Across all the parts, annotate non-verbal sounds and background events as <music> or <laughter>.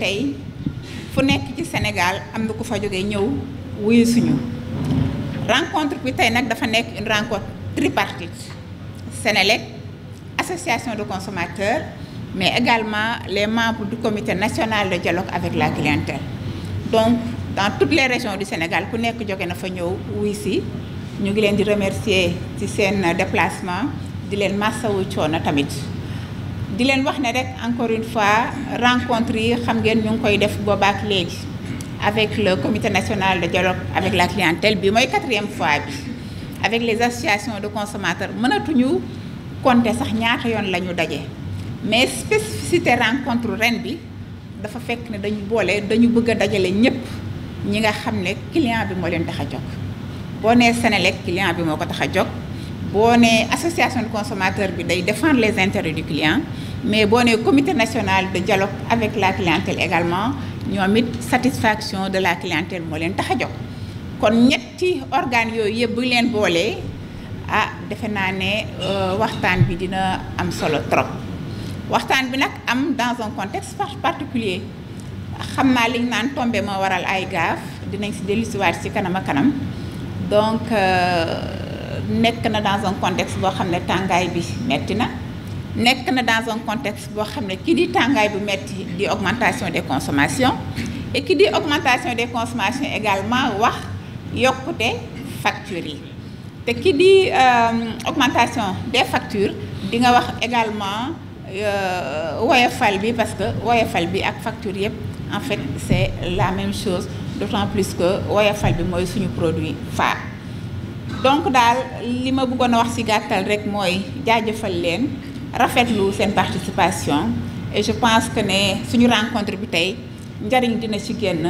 tey fu nekk ci Sénégal am na ku fa jóge ñëw wuyu suñu rencontre bi tey nag dafa nekk une rencontre tripartite Sénélec association de consommateurs mais également les membres du comité nationale de dialogue avec la clientèle donc dans toutes les régions du Sénégal ku nekk jóge na fa ñëw wuy si ñu ngi leen di remercier ci seen déplacement di leen massawu coono tamit di leen wax ne rek encore une fois rencontre yi xam ngeen ñu ngi koy def boobaak léegi avec le commité national de dialogue avec la clientèle bi mooy quatrième fois bi avec les associations de consommateurs mënatuñu compter sax ñaata yoon la ñu daje mais spécificité rencontre ren bi dafa fekk ne dañu boole dañu bëgg a dajale ñëpp ñi nga xam ne client bi moo leen tax a jóg boo nee Sénélec client bi moo ko tax a jóg boo nee association de consommateurs bi day défendre les intérêts du client mais boo nee comité national de dialogue avec la clientèle également ñoom it satisfaction de la clientèle moo leen tax a jóg kon ñetti organes yooyu yëpp leen boolee ah defe naa ne euh, waxtaan bi dina am solo trop waxtaan bi nag am dans un contexte particulier xam naa liñ naan tombé ma waral ay gaaf dinañ si dellusiwaat si kanam a kanam donc euh, nekk na dans un contexte boo xam ne tàngaay bi metti na nekk na dans un contexte boo xam ne ki di tàngaay bu metti di augmentation des consommations et ki di augmentation des consommations également wax yokkute factures yi te ki di euh, augmentation des factures di nga wax également euh, woyofal bi parce que woyofal bi ak facture yëpp en fait c'est la même chose d'autant plus que woyofal bi mooy suñu produit phare donc daal li ma buggoon a wax ci gàttal rek mooy jaajëfal leen rafetlu seen participation et je pense que ne suñu rencontre bi tey njariñ dina ci génn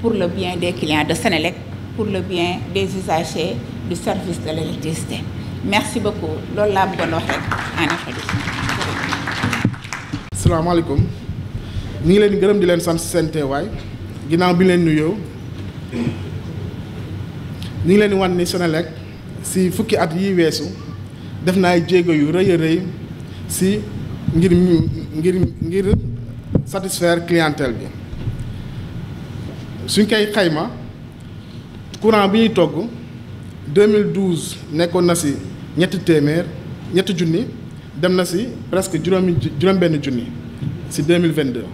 pour le bien des clients de Sénélec pour le bien des usagers du service de l'électricité merci beaucoup loolu la bëggoon wax rek en introduction. ngi leen gërëm di leen sant seen ginnaaw bi leen nuyoo ñu ngi leen di wan ni Sénélec si fukki at yi weesu def na ay jéego yu rëy a rëy. si ngir ngir ngir satisfaire clientèle bi suñ koy xayma courant bi ñuy togg 2012 nekkoon na si ñetti téeméer ñetti junni dem na si presque juróomi juróom-benn junni si 2022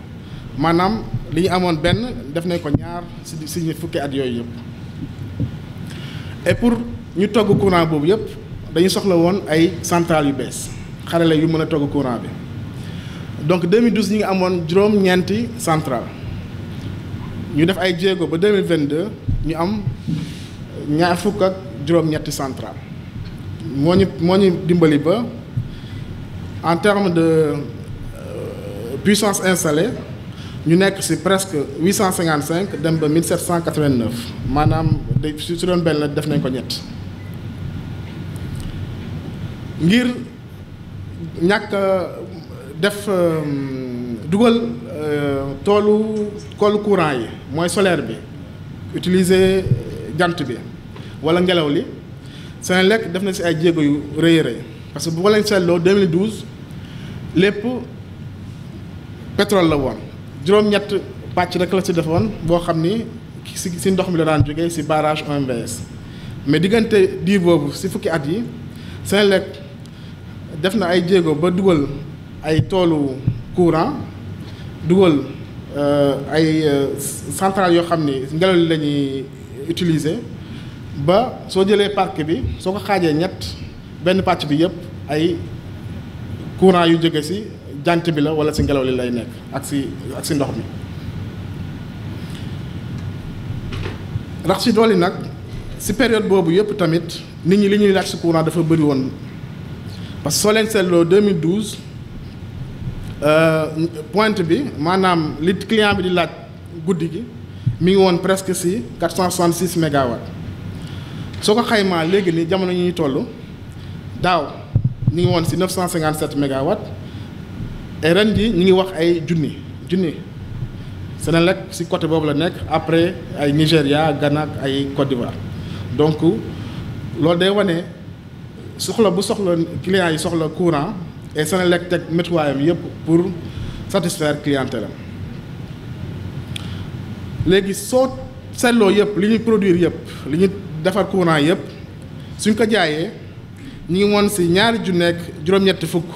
maanaam li ñu amoon benn def nañ ko ñaar si si fukki at yooyu yëpp et pour ñu togg courant boobu yëpp dañu soxla woon ay centrales yu bees. xarale yu mën a togg courant bi donc 2012 ñi ngi amoon juróom-ñeenti centrale ñu def ay jéego ba 2022 ñu am ñaar fukk ak juróom-ñetti centrale moo ñu moo ñu dimbali ba en terme de euh, puissance installée ñu nekk ci presque 855 dem ba 1789 maanaam de su doon benn def nañ ko ñett ngir ñàkk euh, def euh, dugal euh, toolu kolu courant yi mooy solaire bi utiliser jant bi wala ngelaw li lekk def na si ay jéego yu rëy rëy parce que bu ko leen seetloo 2012 lépp pétrole la woon juróom-ñett pàcc rek la si defoon boo xam ni si si ndox mi la daan jógee si barrage OMVS mais diggante diir boobu si fukki at yi Senelec def na ay jéego ba dugal ay toolu courant dugal euh, ay euh, centrale yoo xam ni ngelaw li lañuy utilise ba soo jëlee park bi soo ko xaajee ñett benn pàcc bi yëpp ay courant yu jóge si jant bi la wala si ngelaw li lay nekk ak si ak si ndox mi rax si dool yi nag si période boobu yëpp tamit nit ñi li ñuy laaj si courant dafa bëri woon parce que soo leen seetloo 2012 euh, pointe bi maanaam li client bi di laaj guddi gi mu ngi woon presque si 466 mégawatts soo ko xaymaa léegi nii jamono ñuy toll daaw ñu ngi woon si 957 mégawatts et ren ji ñu ngi wax ay junni junni Senelec si côté boobu la nekk après ay Nigéria Ghana ak ay Côte d'Ivoire donc loolu day wane. soxla bu soxla clients yi soxla courant et Senelec teg métuwaayam yëpp pour satisfaire clientèle léegi soo seetloo yëpp li ñuy produire yëpp li ñu defar courant yëpp suñ ko jaayee ñu ngi woon si ñaari junni ak juróom-ñetti fukk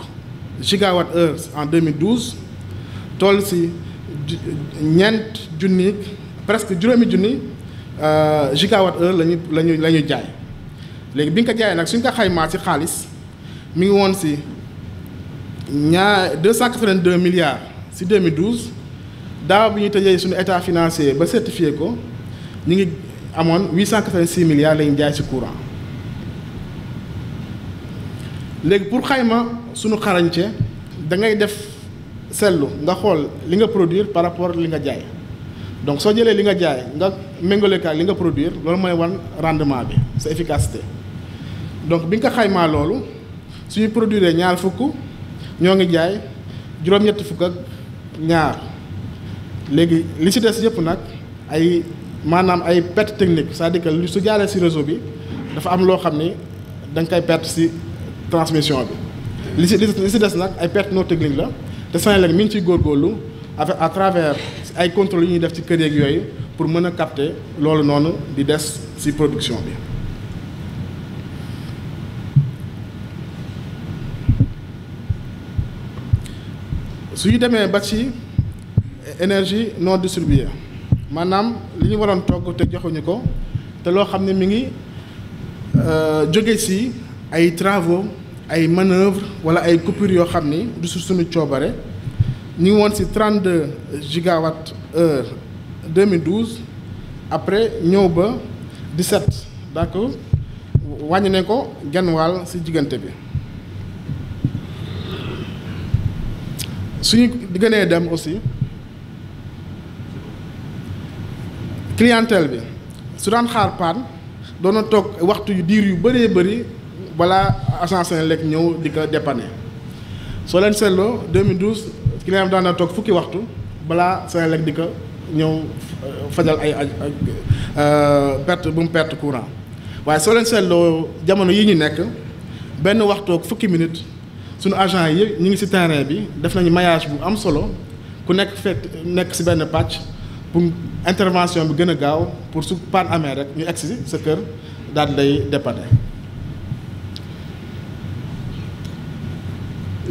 gigawatt heure en 2012 toll si ñeent junni presque juróomi junni euh, gigawatt heure lañu lañu la ñuy jaay léegi bi nga ko jaayee nag suñ ko xaymaa ci xaalis mi ngi woon si ñaar deux cent quatre-vingt-deux milliards si daaw bi ñu tëjee suñu état financier ba certifié ko ñu ngi amoon huit cent quatre-vingt-six jaay si courant léegi pour xayma suñu xarañce dangay def seetlu nga xool li nga produire par rapport li nga jaay donc soo jëlee li nga jaay nga méngale ak li nga produire loolu mooy wan rendement bi sa efficacité donc bi nga ko xaymaa loolu suñu produire ñaar fukk ñoo ngi jaay juróom-ñetti fukk ak ñaar léegi li si des yëpp nag ay maanaam ay perte technique sa à lu que su jaaree ci réseau bi dafa am loo xam ni da koy perte ci transmission bi li ci li si des nag ay perte non technique la te Senelec mi ngi góor góorlu avec à travers ay contrôle yu ñuy def ci kër yeeg yooyu pour mën a capter loolu noonu di des ci production bi su ñu demee ba ci énergie non distribuée maanaam li ñu waroon togg te joxuñu ko te loo xam ne mi ngi euh, jóge ci ay travaux ay manœuvres wala ay coupures yoo xam ni du su suñu coobare ñu ngi woon ci 32 gigawatt heure 2012 après ñëw ba 17 donc wàññi ne ko genn wàll ci diggante bi. suñu gënee dem aussi clientèle bi su daan xaar paan doon na toog waxtu yu diir yu bëree bëri balaa agence Senelec ñëw di ko dépanner soo leen seetloo 2012 client bi daan na toog fukki waxtu balaa Senelec di ko ñëw euh, fajal ay ay euh, perte bu mu perte courant waaye soo leen seetloo jamono yi ñu nekk benn waxtu fukki minutes. suñu agent yi ñu ngi ci terrain bi def nañu mayage bu am solo ku nekk fekk nekk ci benn pàcc pour intervention bi gën a gaaw pour su panne amee rek ñu egsi sa kër daal di lay dépanner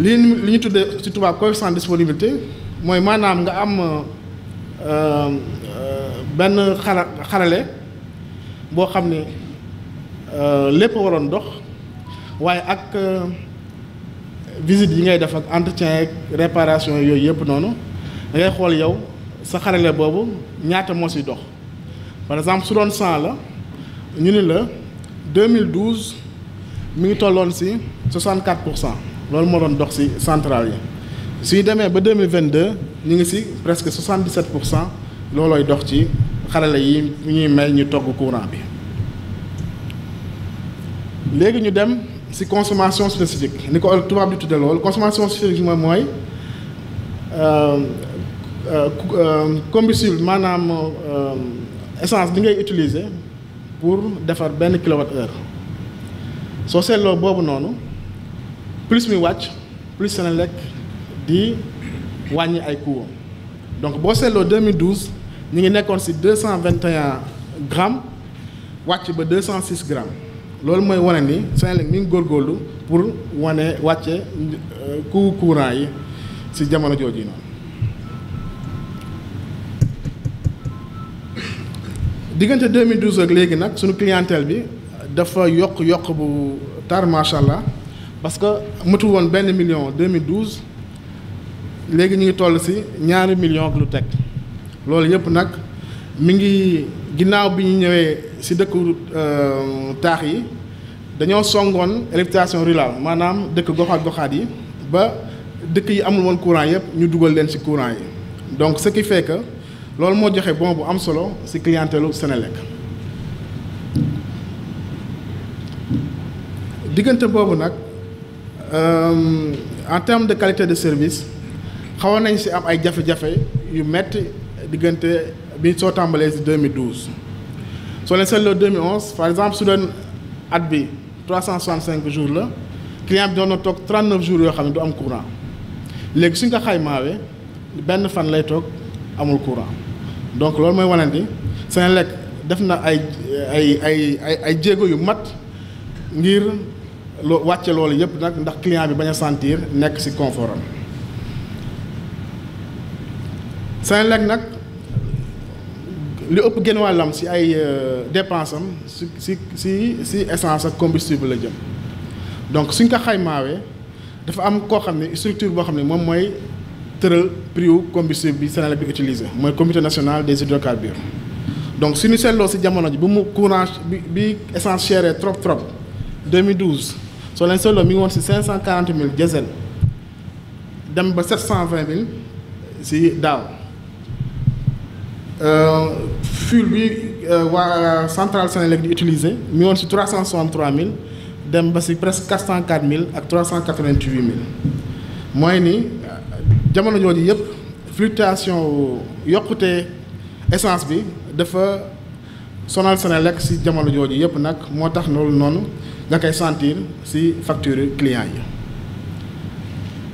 li li ñu tuddee ci tubaab coefficient disponibilité mooy maanaam nga am euh, euh, benn xala xarale boo xam ne euh, lépp waroon dox waaye ak visite yi ngay def ak entretien ak réparation yooyu yëpp noonu da xool yow sa xarale boobu ñaata moo si dox par exemple su doon 100 la ñu ni la 2012 mi ngi tolloon si 64 pour cent loolu moo doon dox si centrale yi suy demee ba 2022 ñu ngi si presque 77 pour cent loolooy dox ci xarale yi ñuy may ñu togg courant bi léegi ñu dem. si consommation spécifique ni ko tubaab di tudde loolu consommation spécifique moom mooy euh, euh, euh, combustible maanaam essence bi ngay utiliser pour defar benn kilowatt heure soo seetloo boobu noonu plus muy wàcc plus Senelec di wàññi ay coûts donc boo seetloo 2012 ñu ngi nekkoon ci 221 grammes wàcc ba 206 grammes. loolu mooy wane ni Senelec mi ngi góorgóorlu pour wane wàcce euh, coût courant yi ci jamono jooju yi noonu diggante 2012 ak léegi nag suñu clientèle bi dafa yokk yokk bu tar macha allah parce que mëtu woon benn million 2012 léegi ñu ngi toll ci ñaari million ak lu teg loolu yëpp nag mi ngi ginnaaw bi ñu ñëwee. si dëkku euh, taax yi dañoo songoon électrification rurale maanaam dëkk goxaat goxaat yi ba dëkk yi amul woon courant yëpp ñu dugal leen si courant yi donc ce qui fait que loolu moo joxe bon bu am solo si clientèlu lekk diggante boobu nag euh, en termes de qualité de service xawoon nañ si am ay jafe-jafe yu metti diggante bi soo tàmbalee si 2012 soo leen seetloo 2011 par exemple su doon at bi 365 jours la client bi doon na toog 39 jours yoo xam ne du am courant léegi suñ ko xaymaawee benn fan lay toog amul courant donc loolu mooy wane ni Senelec def na ay ay ay ay ay jéego yu mat ngir loo wàcce loolu yëpp nag ndax client bi bañ a sentir nekk ci confort am Senelec nag. li ëpp genn wàllam si ay euh, dépense am si si si si essence ak combustible la jëm donc suñ ko xaymaawee dafa am koo xam ne structure boo xam ne moom mooy tëral prix wu combustible bi Senelec bi utilisé mooy comité national des hydrocarbures donc suñu seetloo si jamono ji bu mu courant bi bi essence chère trop trop 2012 soo leen seetloo mi ngi woon si 540 000 diesel dem ba 720 000 si daaw. Euh, fuel bi euh, waa centrale Senelec di utiliser mi woon si trois cent soixante mille dem ba si presque quatre cent quatre mille ak trois cent quatre-vingt-huit mille mooy ni jamono jooju yëpp fluctuation yokkute essence bi dafa sonal Senelec si jamono jooju yëpp nag moo tax loolu noonu nga koy sentir si facture client yi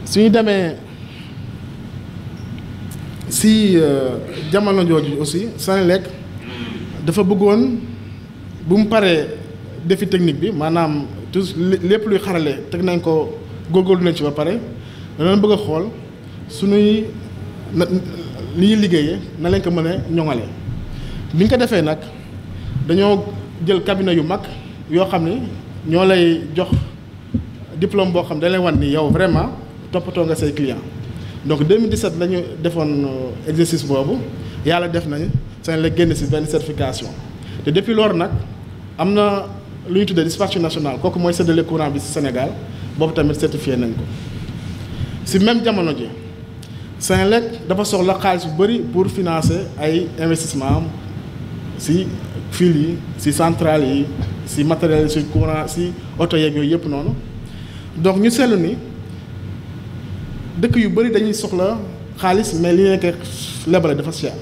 suñu demee si euh, jamono jooju aussi Senelec dafa bëggoon bu mu paree defi technique bi maanaam tous lépp luy xarale teg nañ ko góorgóorlu nañ ci ba pare danañ bëgg xool suñuy na li ñuy liggéeyee na lañ ko mën a ñoŋale bi ñu ko defee nag dañoo jël cabinet yu mag yoo xam ni ñoo lay jox diplôme boo xam dañ lay wan ni yow vraiment toppatoo nga say client donc 2017 la ñu defoon euh, exercice boobu yàlla def nañ seen la génn si benn certification te depuis loolu nag am na lu ñu tuddee dispatch national kooku mooy séddale courant bi si Sénégal boobu tamit certifié nañ ko si même jamono ji Senelec dafa soxla xaalis bu bëri pour financer ay investissement am si fil yi si centrale yi si matériel yi si courant si oto yeeg yooyu yëpp noonu donc ñu seetlu ni dëkk yu bëri dañuy soxla xaalis mais li ñu nekk lebale dafa cher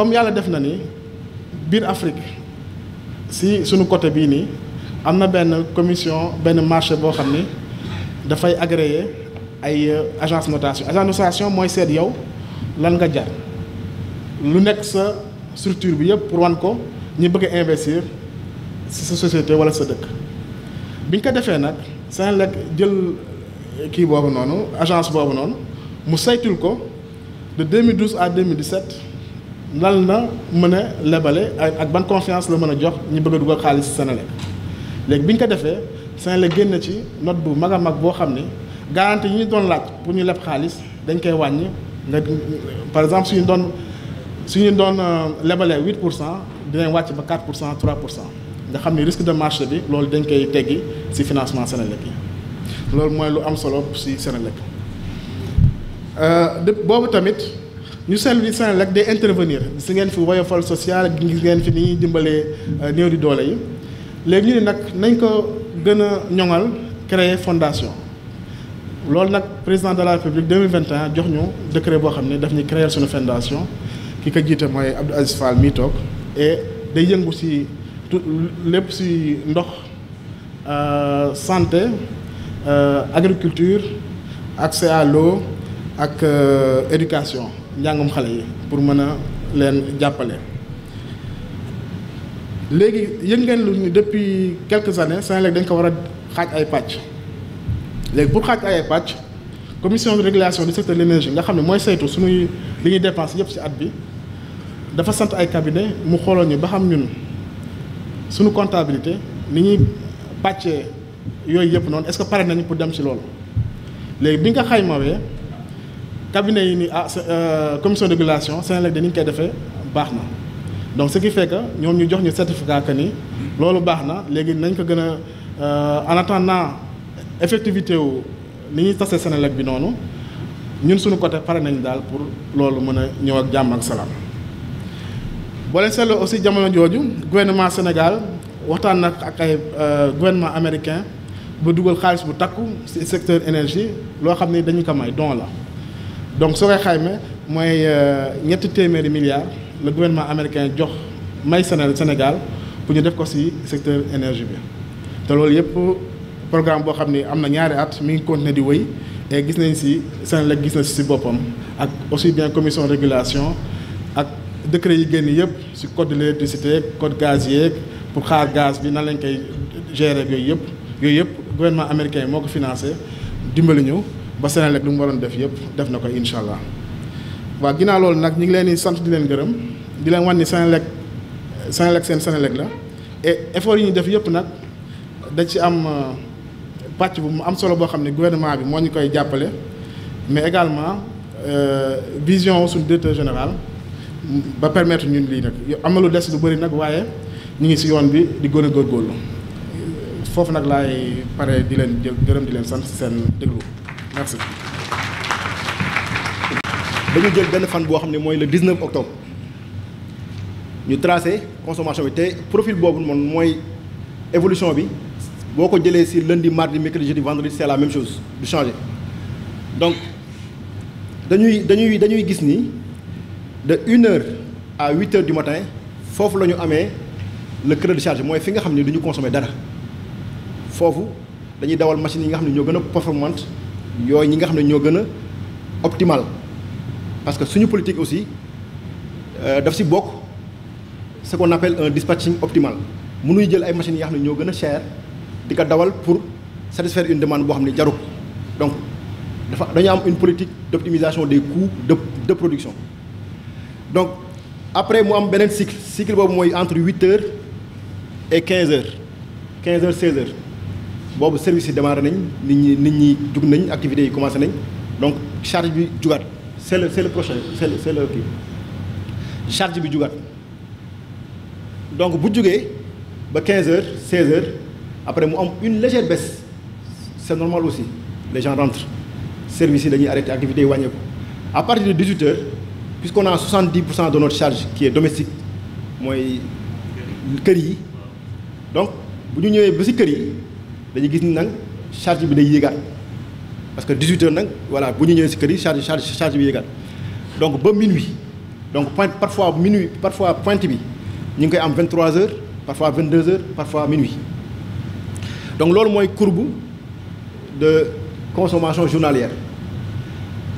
comme yàlla def na ni biir Afrique si sunu côté bii nii am na benn commission benn marché boo xam ni dafay agréé ay euh, agence notation agence notation mooy seet yow lan nga jar lu nekk sa structure bi yëpp pour wan ko ñu bëgg a investir si sa société wala sa dëkk bi ñu ko defee nag Senelec jël kii boobu noonu agence boobu noonu mu saytul ko de 2012 à 2017 lan na mën a lebale ak ban confiance la mën a jox ñu bëgg a dugal xaalis Senelec léegi bi ñu ko defee Senelec génn ci note bu mag a mag boo xam ne garantie yi ñu doon laaj pour ñu leb xaalis dañ koy wàññi nga par exemple suñu doon suñu doon euh, lebalee huit pour cent dinañ wàcc ba quatre pour cent trois pour cent nga xam ne risque de marché bi loolu dañ koy teggi ci financement Senelec yi loolu mooy lu am solo ci Senelec euh, boobu tamit. ñu seetlu Senelec day intervenir si ngeen fi woyofal social gis ngeen fi ni ñuy dimbalee euh, néew di doole yi léegi ñu ne nag nañ ko gën a ñoŋal créer fondation loolu nag président de la république 2021 jox ñu décret boo xam ne daf ñuy créer suñu fondation ki ko jiite mooy Abdou Aziz mii toog e day yëngu si tout lépp si ndox euh, santé euh, agriculture accès à l'eau ak éducation njàngum xale yi pour mën a leen jàppale. léegi yëg ngeen lu ni depuis quelques années Senelec dañ ko war a xaaj ay pàcc léegi bu xaaj ay pàcc commission de régulation du secteur de l'énergie nga xam ne mooy saytu suñuy li ñuy dépense yëpp ci at bi dafa sant ay cabinet mu xooloon ñu ba xam ñun suñu comptabilité ni ñuy pàccee yooyu yëpp noonu est-ce que pare nañu pour dem ci loolu léegi bi nga xaymawee cabinet yi ni ah euh, commission de régulation Senelec de ni ñu koy defee baax na donc ce qui fait que ñoom ñu jox ñu certificat que ni loolu baax na léegi nañ ko gën a euh, en attendant effectivité wu ni ñuy tase Senelec bi noonu ñun suñu côté pare nañ daal pour loolu mën a ñëw ak jàmm ak salaam. boo leen aussi jamono jooju gouvernement Sénégal waxtaan nag ak ay euh, gouvernement américain ba dugal xaalis bu takku ci secteur énergie loo xam ne dañu ko may don la. donc soo koy xayma mooy euh, ñetti téeméeri milliards la gouvernement américain jox may Sénégal pour ñu def ko ci secteur énergie bi te loolu yëpp programme boo xam ne am na ñaari at mi ngi continuer di wéy et gis nañ ci la gis na ci boppam ak aussi bien commission régulation ak décret yi génn yëpp ci code de l'électricité code gaz yeeg pour xaar gaz bi nan lañ koy gérer yooyu yëpp yooyu yëpp gouvernement américain moo ko financé dimbali ñu. ba Senelec lu mu waroon def yëpp def na ko incha allah waaw ginnaaw loolu nag ñu ngi leen di sant di leen gërëm di leen wan ni Senelec Senelec seen Senelec la et effort yi ñu def yëpp nag da ci am euh, pàcc bu mu am solo boo xam ne gouvernement bi moo ñu koy jàppale mais également euh, vision suñu directeur général ba permettre ñu lii nag am na lu des lu bëri nag waaye ñu ngi si yoon bi di gën a góorgóorlu foofu nag lay pare di leen jël gërëm di leen sant seen déglu. merci. dañu jël benn fan boo xam ne mooy le 19 octobre ñu tracé consommation bi te profil boobu moom mooy évolution bi boo ko jëlee si lundi mardi mercredi jeudi vendredi c'est la même chose du changer donc dañuy dañuy dañuy gis ni de une heure à huit heures du matin foofu la ñu amee le creux charge mooy fi nga xam ne du ñu dara foofu dañuy dawal machines yi nga xam ne ñoo gën a yooyu ñi nga xam ne ñoo gën a optimal parce que suñu politique aussi euh, daf si bokk ce qu'on appelle un dispatching optimal mënuy jël ay machines yaa nga xam ne ñoo gën a cher di ko dawal pour satisfaire une demande boo xam ne jarul donc dafa dañu am une politique d'optimisation des coûts de de production donc après mu am beneen cycle cycle boobu mooy entre huit heures et quinze heures quinze heures seize boobu service yi démarré nañ nit ñi nit ñi jug nañ activités yi commencé nañ donc charge bi jugaat c'est le c'est le prochain c'est le c'est le bi jugaat donc bu jugee ba 15 heures 16 heures après mu am une légère baisse c'est normal aussi les gens service yi dañuy arrêté activités yi wàññeeku à partir de 18 heures puisqu'on a 70 pour cent de notre charge qui est domestique mooy kër yi donc bu ñu ñëwee ba ci kër yi dañu gis ni nag charge bi day yéegaat parce que 18 nag voilà bu ñu ñëwee si kër yi charge charge charge bi yéegaat donc ba minuit donc point parfois minuit parfois pointe bi ñu ngi koy am 23 heures parfois 22 heures parfois minuit donc loolu mooy courbe de consommation journalière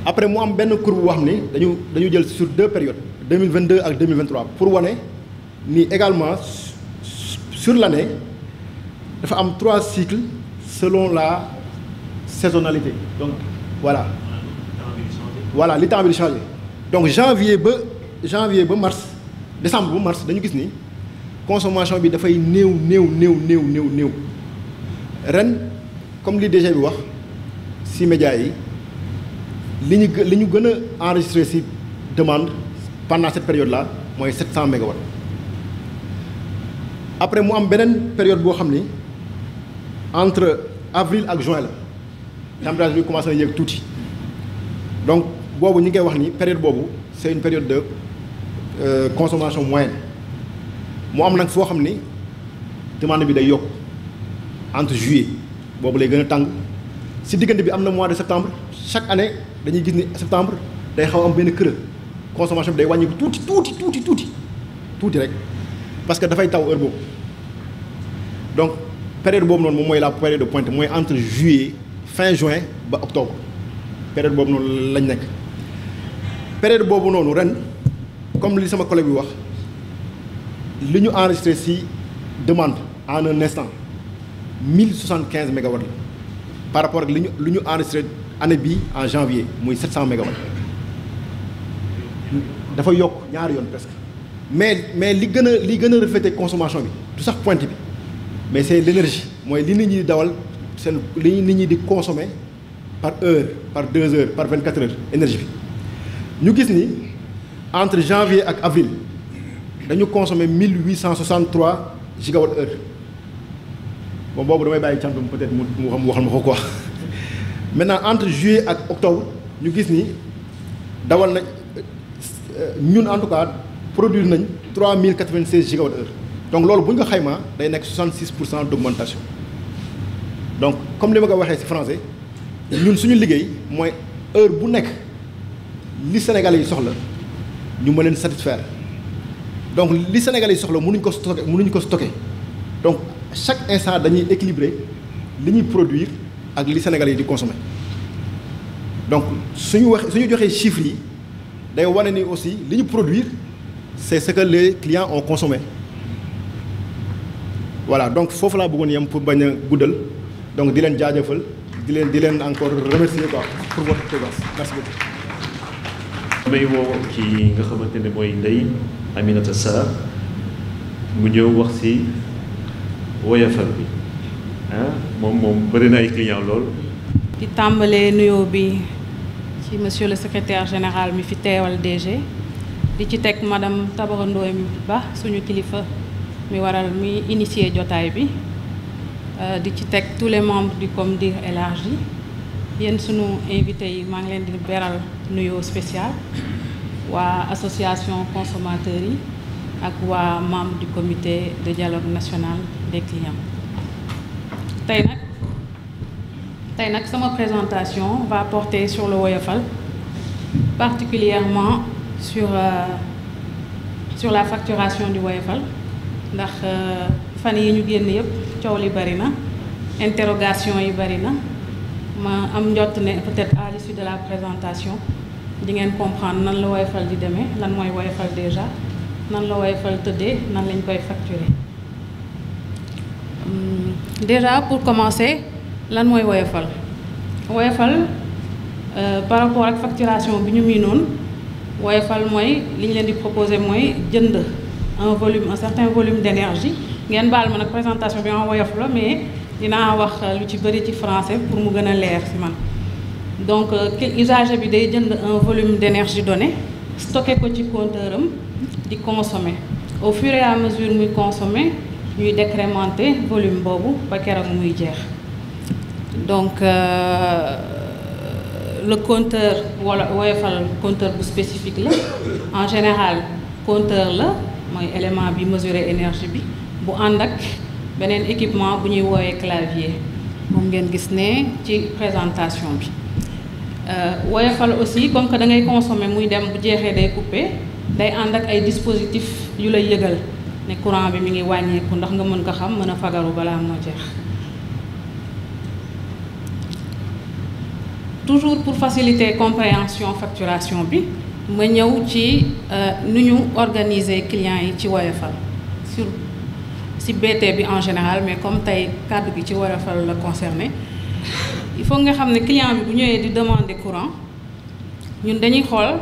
après mu am benn courbe boo xam ne dañu dañu jël sur deux périodes 2022 ak 2023 pour wane ni également sur l'année dafa am trois cycles selon la saisonnalité donc voilà. voilà li donc janvier ba janvier ba mars décembre ba mars dañu gis ni consommation bi dafay néew néew néew néew néew néew ren comme li DG bi wax si médias yi li ñu gën li ñu gën a enregistré si demande pendant cette période la mooy 700 mégawatts après mu am beneen période boo xam ni. entre avril ak juin la température bi commencé na yéeg tuuti donc boobu ñu ngay wax ni période boobu c' est période de euh, consommation moyenne moo am nag foo xam ni demande bi day yokk entre juillet boobu lay gën a tàng si diggante bi am na mois de septembre chaque année dañuy gis ni septembre day xaw am benn kër consommation bi day wàññi tuuti tuuti tuuti tuuti tuuti rek parce que dafay taw heure boobu donc période boobu noonu moom mooy la période de pointe mooy entre juillet fin juin ba octobre période boobu noonu lañ nekk période boobu noonu ren comme li sama collègue bi wax li ñu enregistré ci demande en un instant mille soixante quinze mégawatts la par rapport ak li ñu li ñu enregistré année bii en janvier muy sept cent mégawatts dafa yokk ñaari yoon presque mais mais li gën a li gën a reflété consommation bi du sax pointe bi. mais c'est l'énergie mooy li nit ñi di dawal seen li nit ñi di consommer par heure par deux heures par vingt quatre heures énergie bi ñu gis ni entre janvier ak avril dañu consommer mille huit cent soixante trois gigawatt heure bon boobu damay bàyyi cantum peut-être mu mu xam waxal ma ko ko quoi <laughs> maintenant entre juillet ak octobre ñu gis ni dawal na euh, ñun en tout cas produire nañ trois mille quatre vingt seize gigawatt heure donc loolu bu ñu ko xaymaa day nekk 66 pour cent d' augmentation donc comme li ma ko waxee ci français ñun suñu liggéey mooy heure bu nekk li Sénégalais yi soxla ñu mën leen satisfaire donc li sénégal yi soxla mënuñ ko stocké mënuñ ko stocké donc chaque instant dañuy équilibré li ñuy produire ak li Sénégalais yi di consomé donc suñu wax suñu joxee chiffres yi day wane ni aussi li ñu produire c' est ce que les clients ont consommé. voilà donc foofu laa bëggoon yem pour bañ a guddal donc di leen jaajëfal di leen di leen encore remercier quoi pour votre présence merci beaucoup. may woo ci nga xamante ne mooy Ndeye Aminata Sarr mu ñëw wax si woyafal bi ah moom moom bëri ay client lool. di tàmbalee nuyoo bi ci monsieur le secrétaire général mi fi teewal DG di ci teg madame Tabara Ba suñu kilifa. mi waral mi initier jotaay bi euh, di ci teg tous les membres comme COMDIR élargie yéen sunu invité yi maa ngi leen di beral nuyoo spécial waa association consommateurs yi ak waa membre du comité de dialogue national des clients tey nag tey nag sama présentation va porter sur le woyofal particulièrement sur euh, la facturation di woyofal ndax euh, fan yi ñu génn yëpp coow li bari na interrogation yi bari na ma am njott ne peut-être à l'issue de la présentation di ngeen comprendre nan la Woyofal di demee lan mooy Woyofal déjà nan la Woyofal tëddee nan lañ koy facturer hmm, déjà pour commencer lan mooy Woyofal Woyofal euh, par rapport ak facturation bi ñu miinoon Woyofal mooy li leen di proposer mooy jënd un volume un certain volume d'énergie ngeen baal ma nag présentation bi ma woyof la mais dinaa wax lu ci bëri ci français pour mu gën a leer si man donc euh, usager bi day jënd un volume d'énergie donné stocké ko ci compteur am di consommer au fur et à mesure muy consommer ñuy décrémenter volume boobu ba keroog muy jeex donc euh, le conteur wala woyofal compteur bu spécifique la en général conteur la mooy élément bi mesurer énergie bi bu ànd ak beneen équipement bu ñuy woowee clavier moom ngeen gis ne ci présentation bi euh, woyofal aussi comme que da ngay consommer muy dem bu jeexee day couper day ànd ak ay dispositif yu lay yëgal ne courant bi mi ngi wàññeeku ndax nga mën ko xam mën a fagaru balaa moo jeex toujours pour faciliter compréhension facturation bi ma ñëw ci euh, nu ñu organiser clients yi ci woyofal sur si BT bi en général mais comme tey kàddu gi ci woyofal la concerné il faut nga xam ne client bi bu ñëwee di demander courant ñun dañuy xool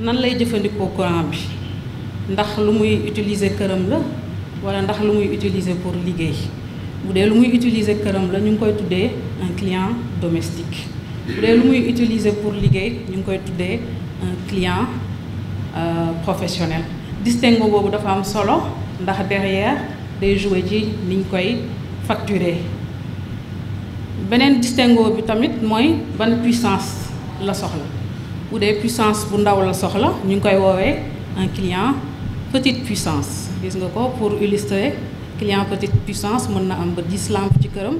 nan lay jëfandikoo courant bi ndax lu muy utiliser këram la walla ndax lu muy utiliser pour liggéey bu dee lu muy utiliser këram la ñu ngi koy tuddee un client domestique bu dee lu muy utiliser pour liggéey ñu ngi koy tuddee un client euh, professionnel distinguo boobu dafa am solo ndax derrière day joué ji niñ koy facturer beneen distinguo bi tamit mooy ban puissance la soxla bu dee puissance bu ndaw la soxla ñu ngi koy woowee un client petite puissance gis nga ko pour illustrer client petite puissance mën na am ba 10 ci këram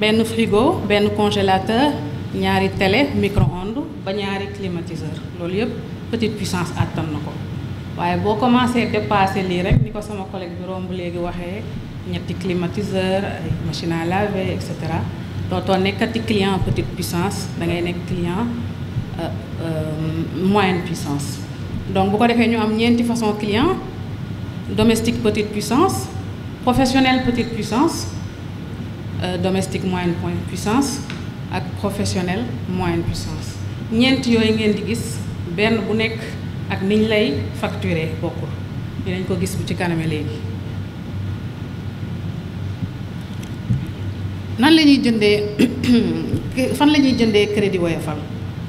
benn frigo benn congélateur ñaari télé micro tondu ba ñaari climatiseur loolu yëpp petite puissance àttan na ko waaye boo commencé dépassé lii rek ni ko sama collègue bi romb léegi waxee ñetti climatiseur ay machine à laver et cetera dootoo nekkati client petite puissance da ngay nekk client euh, euh, moyenne puissance. donc bu ko defee ñu am ñeenti façon client domestique petite puissance professionnel petite puissance euh, domestique moyenne puissance ak professionnel moyenne puissance. ñeenti yooyu ngeen di gis benn bu nekk ak niñ lay facturer bokkul dinañ ko gis bu ci kaname léegi nan la ñuy jëndee <clears throat> fan la ñuy jëndee crédit woyofal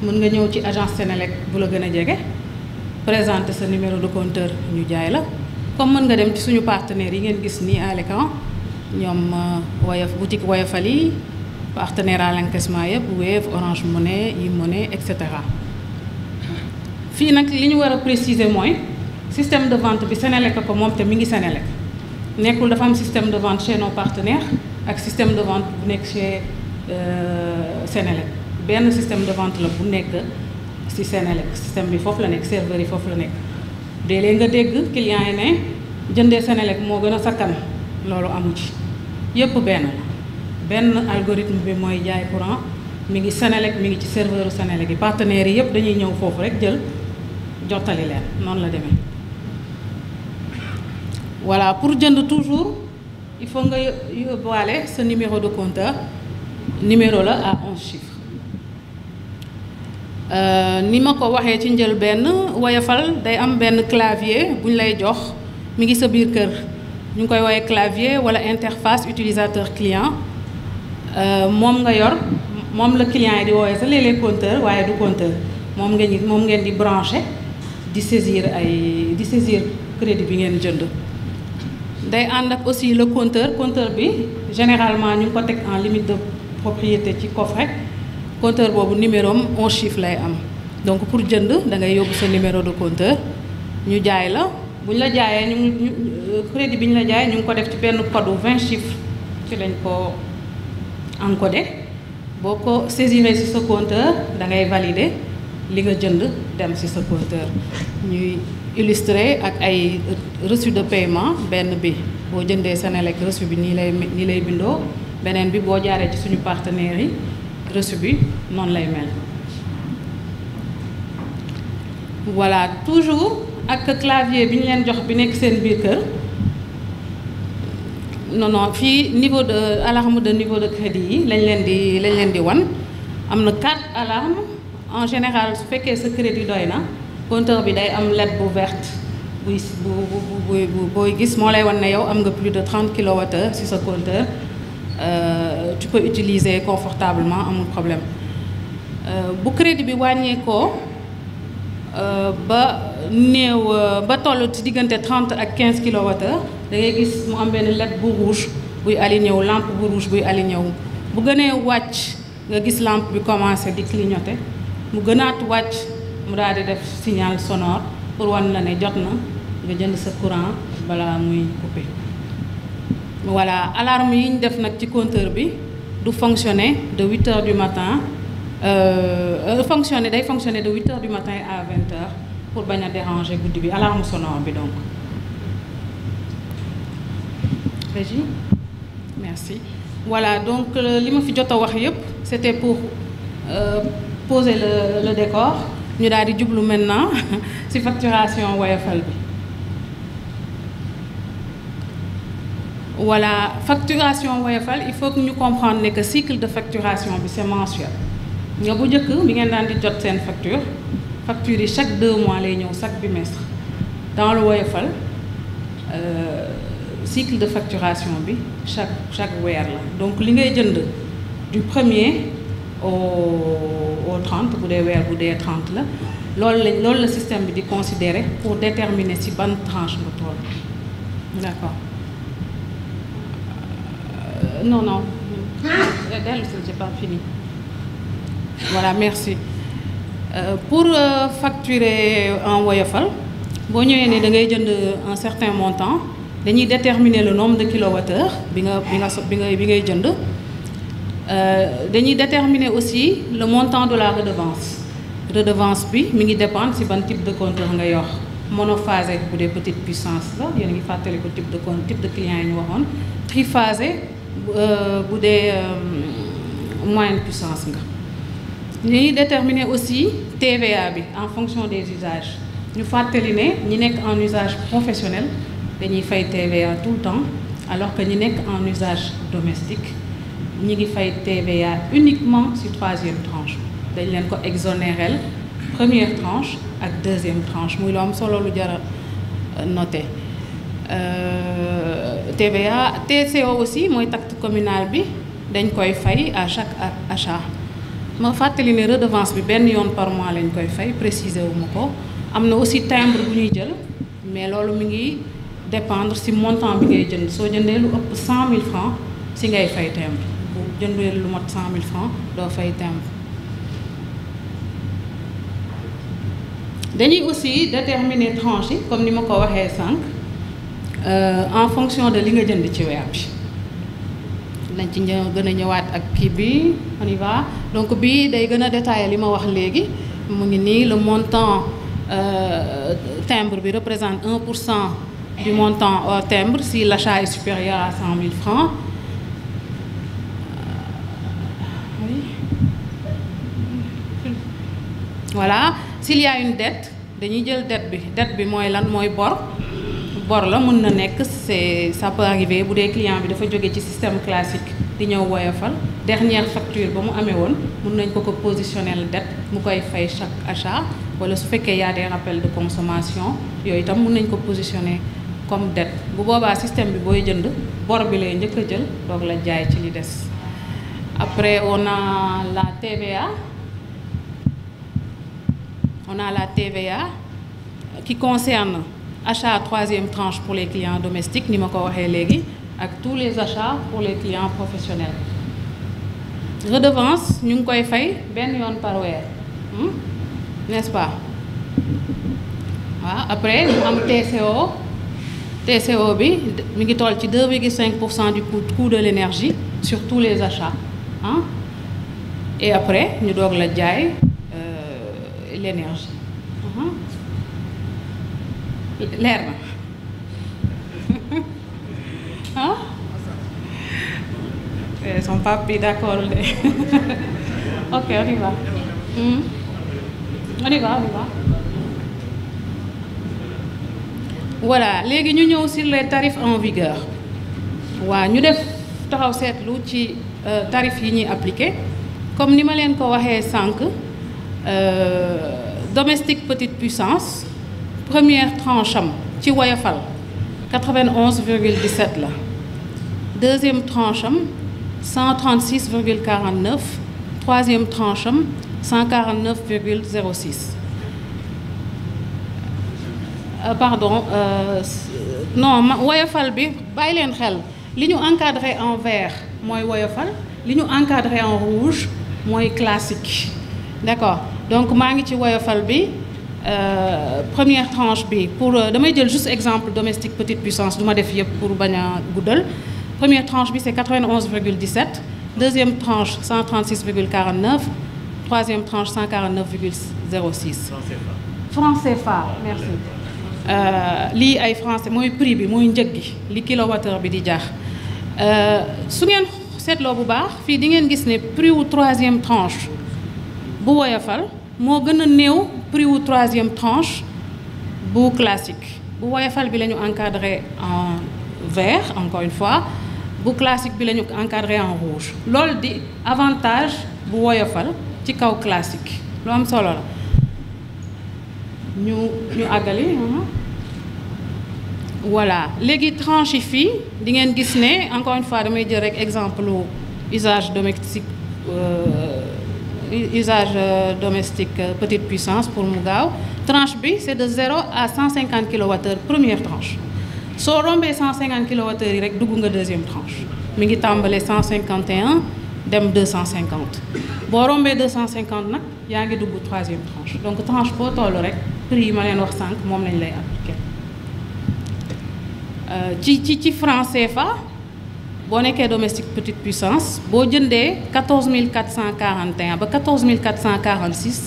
mën nga ñëw ci agence Sénélec bu la gën a jege présente sa numéro de compteur ñu jaay la comme mën nga dem ci suñu partenaires yi ngeen gis nii à l'écran ñoom euh, woyof boutique woyofal yi partenaire à l'encaissement yëpp Wave Orange Money e-money et cetera fii nag li ñu war a préciser mooy système de vente bi Senelec ko moom te mu ngi Senelec nekkul dafa am système de vente chez nos ak système de vente bu nekk chez euh, Senelec benn système de vente la bu nekk ci Senelec système bi foofu la nekk serveur yi foofu la nekk léeg nga dégg client yi ne jëndee Senelec moo gën a sakkan loolu amu ci yëpp benn la benn algorithme bi mooy jaay courant mi ngi Senelec mi ngi ci serveur Senelec yi partenaires yi yëpp dañuy ñëw foofu rek jël jottali leen noonu la demee. voilà pour jënd toujours il faut nga yóbbaale sa numéro de compteur numéro la à onze chiffres euh, ni ma ko waxee ci njël benn woyofal day am benn clavier bu lay jox mi ngi sa biir kër ñu ngi koy woowee clavier wala interface utilisateur client. Euh, moom nga yor moom la client yi di wooyee sa léeg-léeg waaye du compteur moom ngeen di moom ngeen di branché di saisir ay di saisir crédit bi ngeen jënd. day ànd ak aussi le compteur compteur bi généralement ñu ngi ko teg en limite de propriété ci coffret compteur boobu numéro m un chiffre lay am donc pour jënd da ngay yóbbu sa numéro de compteur ñu jaay la bu ñu la jaayee ñu euh, crédit bi ñu la jaayee ñu ngi ko def ci benn code vingt chiffres ci lañ encodé boo ko saisiré ci sa compteur da ngay valider li nga jënd dem ci sa compteur ñuy illustrer ak ay reçu de paiement benn bi boo jëndee Senelec reçu bi nii lay nii lay bindoo beneen bi boo jaaree ci suñu partenaires yi reçu bi noonu lay mel voilà toujours ak clavier bi ñu leen jox bi nekk seen biir kër non non fii niveau de alarme de niveau de crédit yi lañ leen di lañ leen di wan am na quatre alarmes en général su fekkee sa crédit doy na compteur bi day am led bu verte buy booy gis moo lay won ne yow am nga plus de 30 kilowattheures si sa compteur euh, tu ko utiliser confortablement amul problème euh, bu crédit bi wàññeekoo euh, ba néew ba toll ci diggante 30 ak 15 kilowattheures da ngay gis mu am benn led bu rouge buy aligné wu lampe bu rouge buy aligné wu bu gënee wàcc nga gis làmp bi commencé di clignoter mu gënaat wàcc mu daal di def signal sonor pour wan la ne jot na nga jënd sa courant balaa muy coupé voilà alarme yi ñu def nag ci compteur bi du fonctionner de 8 heures du matin euh, euh, fonctionner day fonctionner de 8 heures du matin à 20 pour bañ a déranger guddi bi alarme sonore bi donc merci voilà donc euh, li ma fi jot a wax yëpp c'était pour euh, poser le le décor ñu daal di jublu maintenant <laughs> ci facturation woyofal bi voilà facturation woyofal il faut que ñu comprendre ne que cycle de facturation bi semence mensuel nga bu njëkk bi ngeen daan di jot seen facture facture yi chaque deux mois lay ñëw chaque bimestre dans le woyofal. Euh, cycle de facturation bi chaque chaque weer la donc li ngay jënd du premier au au bu dee weer bu dee trente la loolu lañ loolu la système bi di considérer pour déterminer ci ban tranche nga toll d'accord euh, non non euh, dellu si j'ai fini voilà merci euh, pour euh, facturer en woyofal boo ñëwee ne da ngay jënd un certain montant dañuy déterminer le nombre de kilowattheure bi nga bi nga bi nga bi ngay jënd euh, dañuy déterminer aussi le montant de la redevance redevance bi mi ngi dépendre ci ban type de compteur nga yor monophasé bu dee petite puissance la yéen ngi fàttali ko type de compte type de client yi ñu waxoon triphasé euh, bu dee euh, moyenne puissance nga ñuy déterminer aussi TVA bi en fonction des usages ñu fàttali ne ñi nekk en usage professionnel dañuy fay TVA tout le temps alors que ñi nekk en usage domestique ñi ngi fay TVA uniquement ci troisième tranche dañ leen ko exonérel première tranche ak deuxième tranche muy lu am solo lu jar euh, euh, a noté TVA TCO aussi mooy taxe communale bi dañ koy fay à chaque achat ma fàttali ne redevance bi benn yoon par mois lañ koy fay préciser wu ko am na aussi timbre bu ñuy jël mais loolu mi ngi. dépendre si montant bi ngay jënd soo jëndee lu ëpp cent mille francs si ngay fay timbre jëndee lu mat cent mille francs doo fay timbre dañuy aussi déterminer tranche yi comme ni ma ko waxee sànq euh, en fonction de li nga jënd ci weer bi nañ ci ñëw gën a ñëwaat ak kii bi on va donc bi day gën a détaillé li ma wax léegi mu ngi nii le montant euh, timbre bi représente pour cent du montant au timbre si l'achat est supérieur à 100 000 francs. Euh, voilà s'il y a une dette dañuy jël dette bi dette bi mooy lan mooy bor bor la mun na nekk c'est ça peut arriver bu dee client bi dafa jóge ci système classique di ñëw woyofal dernière facture ba mu amee woon mun nañ ko ko positionnel dette mu koy fay chaque achat wala su fekkee yaa a des rappels de consommation yooyu itam mën nañ ko positionner comme dette bu boobaa système bi booy jënd bor bi lay njëkk a jël doog la jaay ci li des après on la TVA on a la TVA qui concerne achat troisième tranche pour les clients domestiques ni ma ko waxee léegi ak tous les achats pour les clients professionnels redevance ñu ngi koy fay benn yoon par weer hmm? n'est-ce pas waaw après ñu am TCO TCO bi mi ngi toll ci 2,5 pour cent du coût de l'énergie sur tous les achats ah et après ñu doog la jaay euh, l'énergie uh-huh. leer na ah <laughs> son papa bi d'accord de <laughs> ok on y hmm? on y on y voilà léegi ñu ñëw sur les tarifs en vigueur waa ñu def taxaw seetlu ci euh, tarif yi ñuy appliqué comme ni ma leen ko waxee sànq euh, domestique petite puissance première tranche am ci woyofal 91 virgule 17 la deuxième tranche am 136 virgule 49 troisième tranche am 149 virgule 06 Euh, pardon euh, non ma woyofal bi bàyyi leen xel li ñu encadré en vert mooy woyofal li ñu encadré en rouge mooy classique d'accord donc maa ngi ci woyofal bi euh, première tranche bi pour damay jël juste exemple domestique petite puissance du ma def yëpp pour bañ a guddal première tranche bi c'est 91 virgule 17 deuxième tranche 136 virgule 49 troisième tranche 149 virgule 06 francs CFA merci Euh, lii ay français mooy prix bi mooy njëggi li kilo kilowattheure bi di jaax euh, su ngeen seetloo bu baax fii di ngeen gis ne prix wu troisième tranche bu woyofal moo gën a néew prix wu troisième tranche bu classique bu woyofal bi la ñu encadré en vert encore une fois bu classique bi lañu ñu encadré en rouge loolu di avantage bu woyofal ci kaw classique lu am solo la ñu ñu àggali uh-huh. voilà léegi tranche yi fii di ngeen gis ne encore une fois damay jël rek exemple usage domestique euh, usage euh, domestique euh, petite puissance pour mu gaaw tranche bi c'est de 0 à cent cinquante kWh première tranche soo rombee cinquante kWh yi rek dugg nga deuxième tranche mi ngi tàmbalee 151 dem 250 boo rombee 250 nag. yaa ngi dugg troisième tranche donc tranche boo tollu rek prix yi ma leen wax sànq moom lañ lay appliqué euh, ci ci ci franc CFA boo nekkee domestique petite puissance boo jëndee 14 441 ba 14 446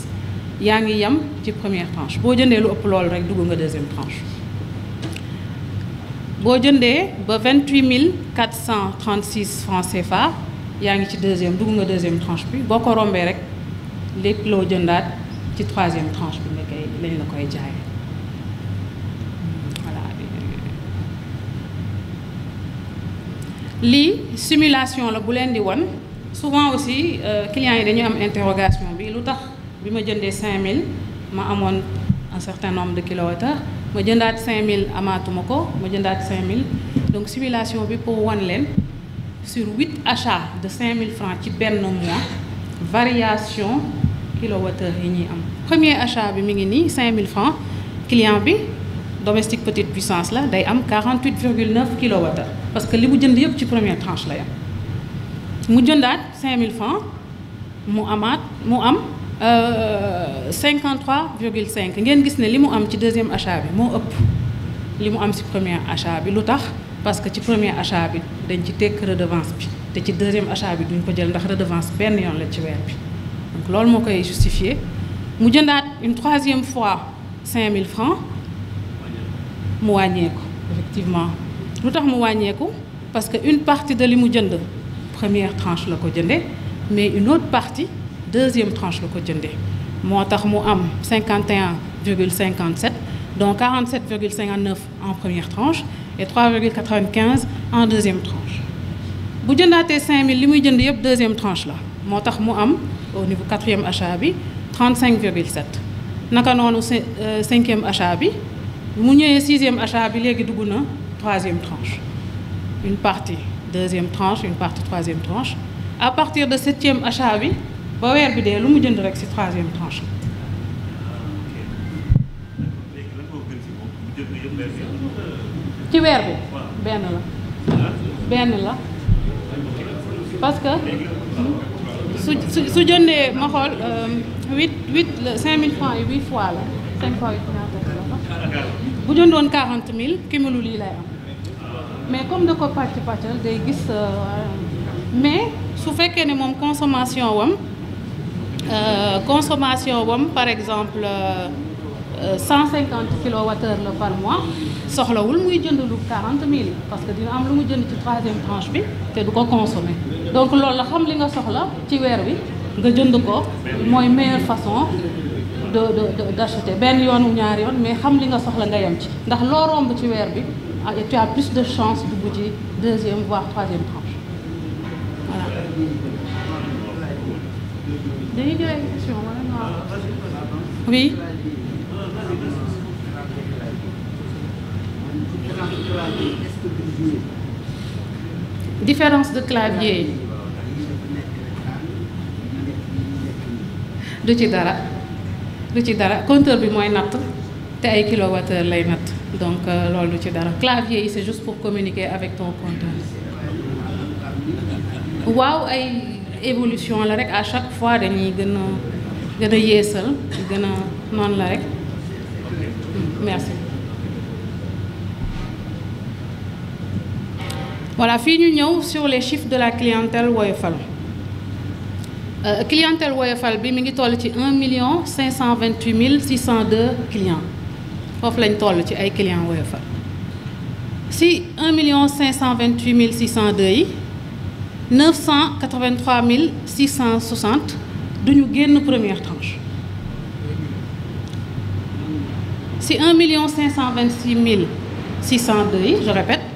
yaa ngi yem ci première tranche boo jëndee lu ëpp loolu rek dugg nga deuxième tranche boo jëndee ba 28 436 francs CFA yaa ngi ci deuxième dugg nga deuxième tranche bi boo ko rombee rek. lépp loo jëndaat ci troisième tranche bi nga koy lañ la koy jaay lii similation la bu leen di wan souvent aussi euh, clients yi dañuy am interrogation bi lu tax bi ma jëndee 5000 ma amoon un certain nombre de kilowattheures ma jëndaat 5000 amaatuma ko ma jëndaat 5000 donc simulation bi pour wan leen sur 8 achats de 5000 francs ci benn mois variation kilowattheure yi ñuy am premier achat bi mi ngi nii 5000 francs client bi domestique petite puissance la day am 48 virgule 9 kilowattheure parce que li mu jënd yëpp ci première tranche la yam mu jëndaat 5000 francs mu amaat mu am 53 euh, virgule 5 ngeen gis ne li mu am ci deuxième achat bi moo ëpp li mu am ci premier achat bi lu tax parce que ci premier achat bi dañ ci tekk redevance bi te ci deuxième achat bi duñ ko jël ndax redevance benn yoon la ci weer bi loolu moo koy justifier mu jëndaat une troisième fois mille francs mu wàññeeku effectivement lu tax mu wàññeeku parce que une partie de li mu jënd première tranche la ko jënde mais une autre partie deuxième tranche la ko jënde moo tax mu am 51 virgule 57 donc 47 virgule 59 en première tranche et 3 virgule 95 en deuxième tranche bu jëndaatee 5000 li muy jënd yëpp deuxième tranche la moo tax mu am au niveau quatrième achat bi 35 virgule 7 naka noonu euh, cinquième achat bi mu ñëwee sixième achat bi léegi dugg na troisième tranche une partie deuxième tranche une partie troisième tranche à partir de septième achat bi ba weer bi dee lu mu jënd rek ci troisième tranche. ci weer bi benn la benn la parce que. Hmm? su su su jëndee ma xool euh, huit huit cinq mille francs yi huit fois la cinq fois huit ñaata la bu jëndoon quarante mille cumulu lii lay am mais comme da ko pàcc pàccal day gis euh, mais su fekkee ne moom consomation wam euh, consommation wom par exemple cent cinquante kilowatt heure la par mois soxlawul muy jënd lu quarante mille parce que dina am lu mu jënd ci troisième tranche bi te du ko consommer donc loolu la xam li nga soxla ci weer bi nga jënd ko mooy meilleure façon de de d'acheter benn yoon wu ñaari yoon mais xam li nga soxla nga yem ci ndax loo romb ci weer bi ah, et tu as plus de chance dugg ci deuxième voire troisième tranche voilà. dañuy wala clavier est-ce du différence de clavier du ci dara du ci dara conteur bi mooy natt te ay kilowattheure lay natt donc euh, loolu du ci dara clavier yi c'est juste pour communiquer avec ton compteur waaw ay évolution la rek à chaque fois dañuy gën a gën a yeesal gën a noonu la rek hmm, merci voilà fii ñu ñëw sur les chiffres de la clientèle woyofal euh, clientèle woyofal bi mi ngi toll ci 1 million 528 mille 602 clients foofu lañ toll ci ay clients woyofal si 1 million 528 mille 602 yi 983 mille 660 duñu génn première tranche si 1 million 526 mille 602 yi je répète.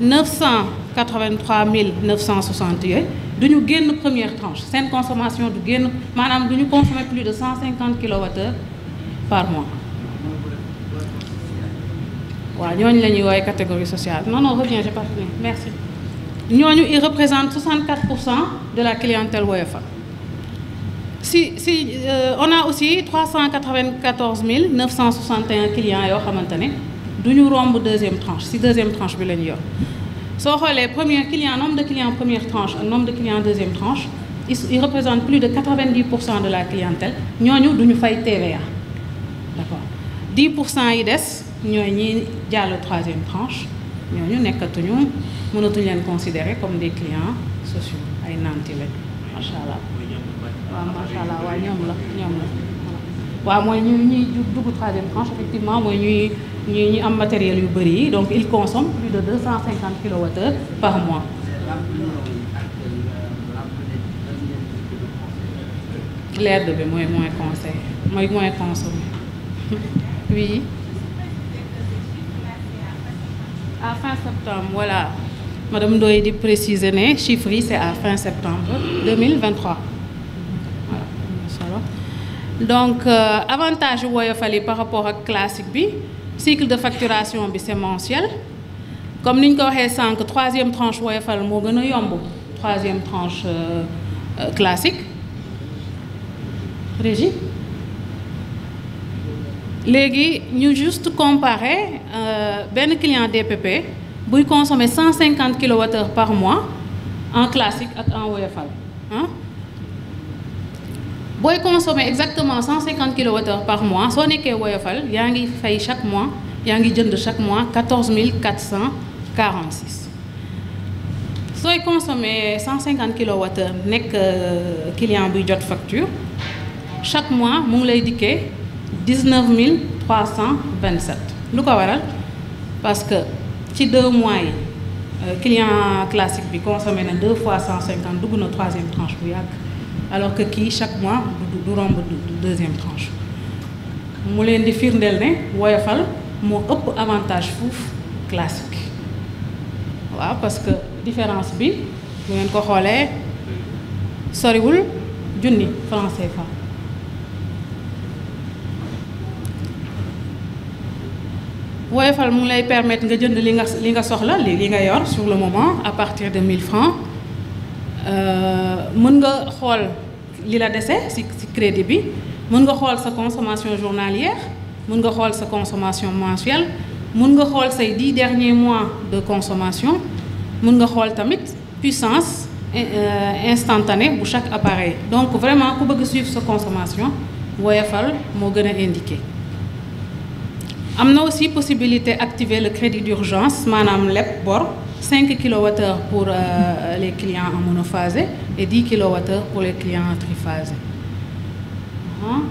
cent mille 983 961 du ñu génn première tranche seen consommation du génn maanaam du ñu consommer plus de 150 kilowattheures par mois waa ñooñu la ñuy woowee catégorie sociale non non reviens j'ai pas fini merci ñooñu ils représentent 64 pour cent de la clientèle Woyofa si si euh, on a aussi 394 961 clients yoo xamante ne du ñu romb deuxième tranche si deuxième tranche bi la ñu yor soo xoolee première client nombre de clients première tranche ak nombre de clients deuxième tranche ils représentent plus de pour cent de la clientèle ñooñu du ñu fay TVA d'accord 10 pour cent yi des ñooy ñi jàll troisième tranche ñooñu nekkatuñu mënatuñ leen considérer comme des clients sociaux ay nanti lañ macha allah waaw macha allah waaw ñoom la ñoom la waaw mooy ñuy dugg troisième tranche effectivement mooy ñuy ñu ñu am matériel yu bëri yi donc il consomme plus de 250 kilowattheures par mois l'aide bi mooy moins conseil mooy moins consommé <laughs> oui à fin septembre voilà madame Ndoye di préciser ne chiffre yi c'est à fin septembre 2023 voilà donc euh, avantage yu woyofal yi par rapport ak classique bi cycle de facturation bi c'est comme ni ñu ko waxee sànq troisième tranche woyofal moo gën a yomb troisième tranche euh, euh, classique Régis léegi ñu juste comparer euh, benn client DPP buy consommer cent cinquante kilowattheures par mois en classique ak en woyofal booy consommer exactement 150 kWh par mois soo nekkee woyofal yaa ngi fay chaque mois yaa ngi jënd chaque mois 14 446 sooy consommer 150 kWh nekk euh, client buy jot facture chaque mois mu ngi lay dikkee 19 327 lu ko waral parce que ci deux mois yi euh, client classique bi consommé na deux fois 150 dugg na troisième tranche bu yàgg. alors que kii chaque mois du du romb deuxième tranche mu leen di firndeel ne woyofal moo ëpp avantage fuuf classique waaw parce que différence bi bu ngeen ko xoolee soriwul junni franc CFA woyofal mu lay permettre nga jënd li nga li nga soxla li li nga yor sur le moment à partir de mille francs Euh, mën nga xool li la dese ci ci crédit bi mën nga xool sa consommation journalière mën nga xool sa consommation mensuelle mun nga xool say dix derniers mois de consommation mun nga xool tamit puissance euh, instantanée bu chaque appareil donc vraiment ku bëgg suivre sa consommation woyofal moo gën a indiqué am na aussi possibilité activer le crédit d'urgence maanaam leb bor 5 kWh pour euh, les clients en monophasé et 10 kWh pour les clients en triphasé. Uh-huh.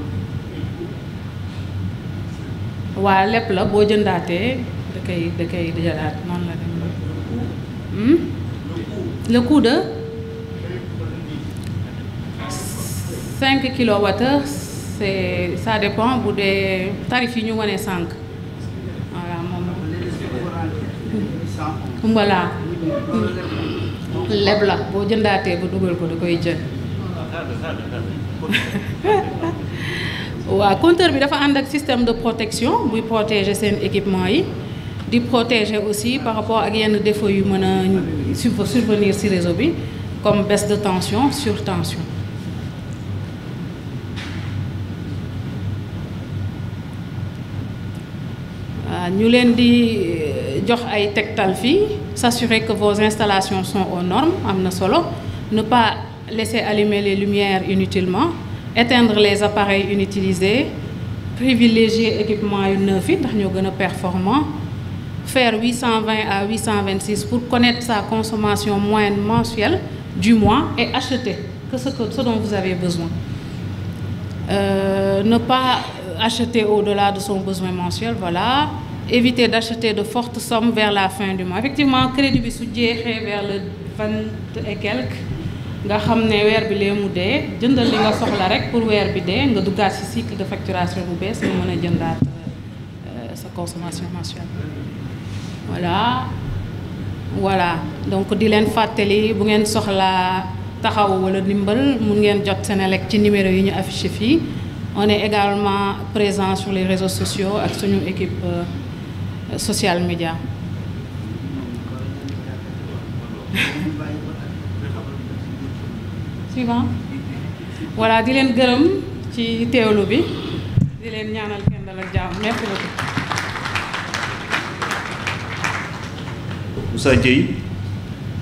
waaw lépp la boo jëndaatee da koy da koy jëlaat noonu la dem hmm? le coût de 5 kWh c'est ça dépend bu dee tarif yi ñu wane sànq umbalaan leb la boo jëndaatee ba dugal ko da koy jël <laughs> waaw compteur bi dafa ànd ak système de protection muy protéger seen équipement yi di protéger aussi par rapport ak yenn défo yu mën a survenir ci réseau bi comme baisse de tension surtension waaw ñu leen di euh, jox ay tegtal fii s'assurer que vos installations sont aux normes am na solo ne pas laisser allumer les lumières inutilement éteindre les appareils inutilisés privilégier équipement yu neuf yi ndax ñoo gën a performant faire 820 à 826 pour connaître sa consommation moyenne mensuelle du mois et acheter que ce que ce dont vous avez besoin euh, de son besoin éviter d'acheter de forte sommes vers la fin du mois effectivement crédit bi su jeexee vers le vingt et quelque nga xam ne weer bi lee mu de jëndal li nga soxla rek pour weer bi dee nga duggaat ci cycle de facturation bu bees nga mën a jëndaat euh, sa consommation mensuelle voilà voilà donc di leen fàttali bu ngeen soxlaa taxaw wala ndimbal mun ngeen jot Senelec ci numéro yi ñu affiché fii on est également présent sur les réseaux sociaux ak suñu équipe euh, social média suivant voilà di leen gërëm ci teewlu bi di leen ñaanal kenn dal ak jàmm merci beaucoup Moussa Dieye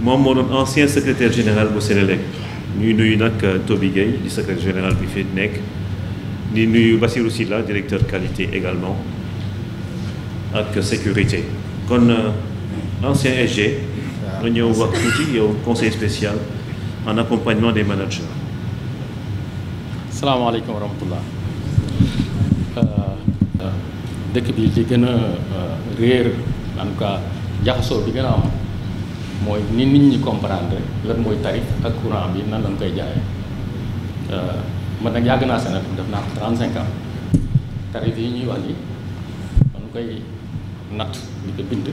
moom moo doon ancien secrétaire général bu Sénélec ñuy nuyu nag euh, Toby Gueye di secrétaire général bi fi nekk di nuyu Bassirou la directeur qualité également ak sécurité kon euh, ancien SG ah. nga ñëw wax tuuti yow conseil spécial en accompagnement des managers salaamaaleykum wa rahmatullah euh, dëkk bi li gën a euh, réer en tout jaxasoo bi gën a am mooy ni nit ñi comprendre lan mooy tarif ak courant bi nan lañ koy jaayee man nag yàgg naa Sénégal def naa ko 35 tarif yi ñuy wax ni man koy natt di ko bind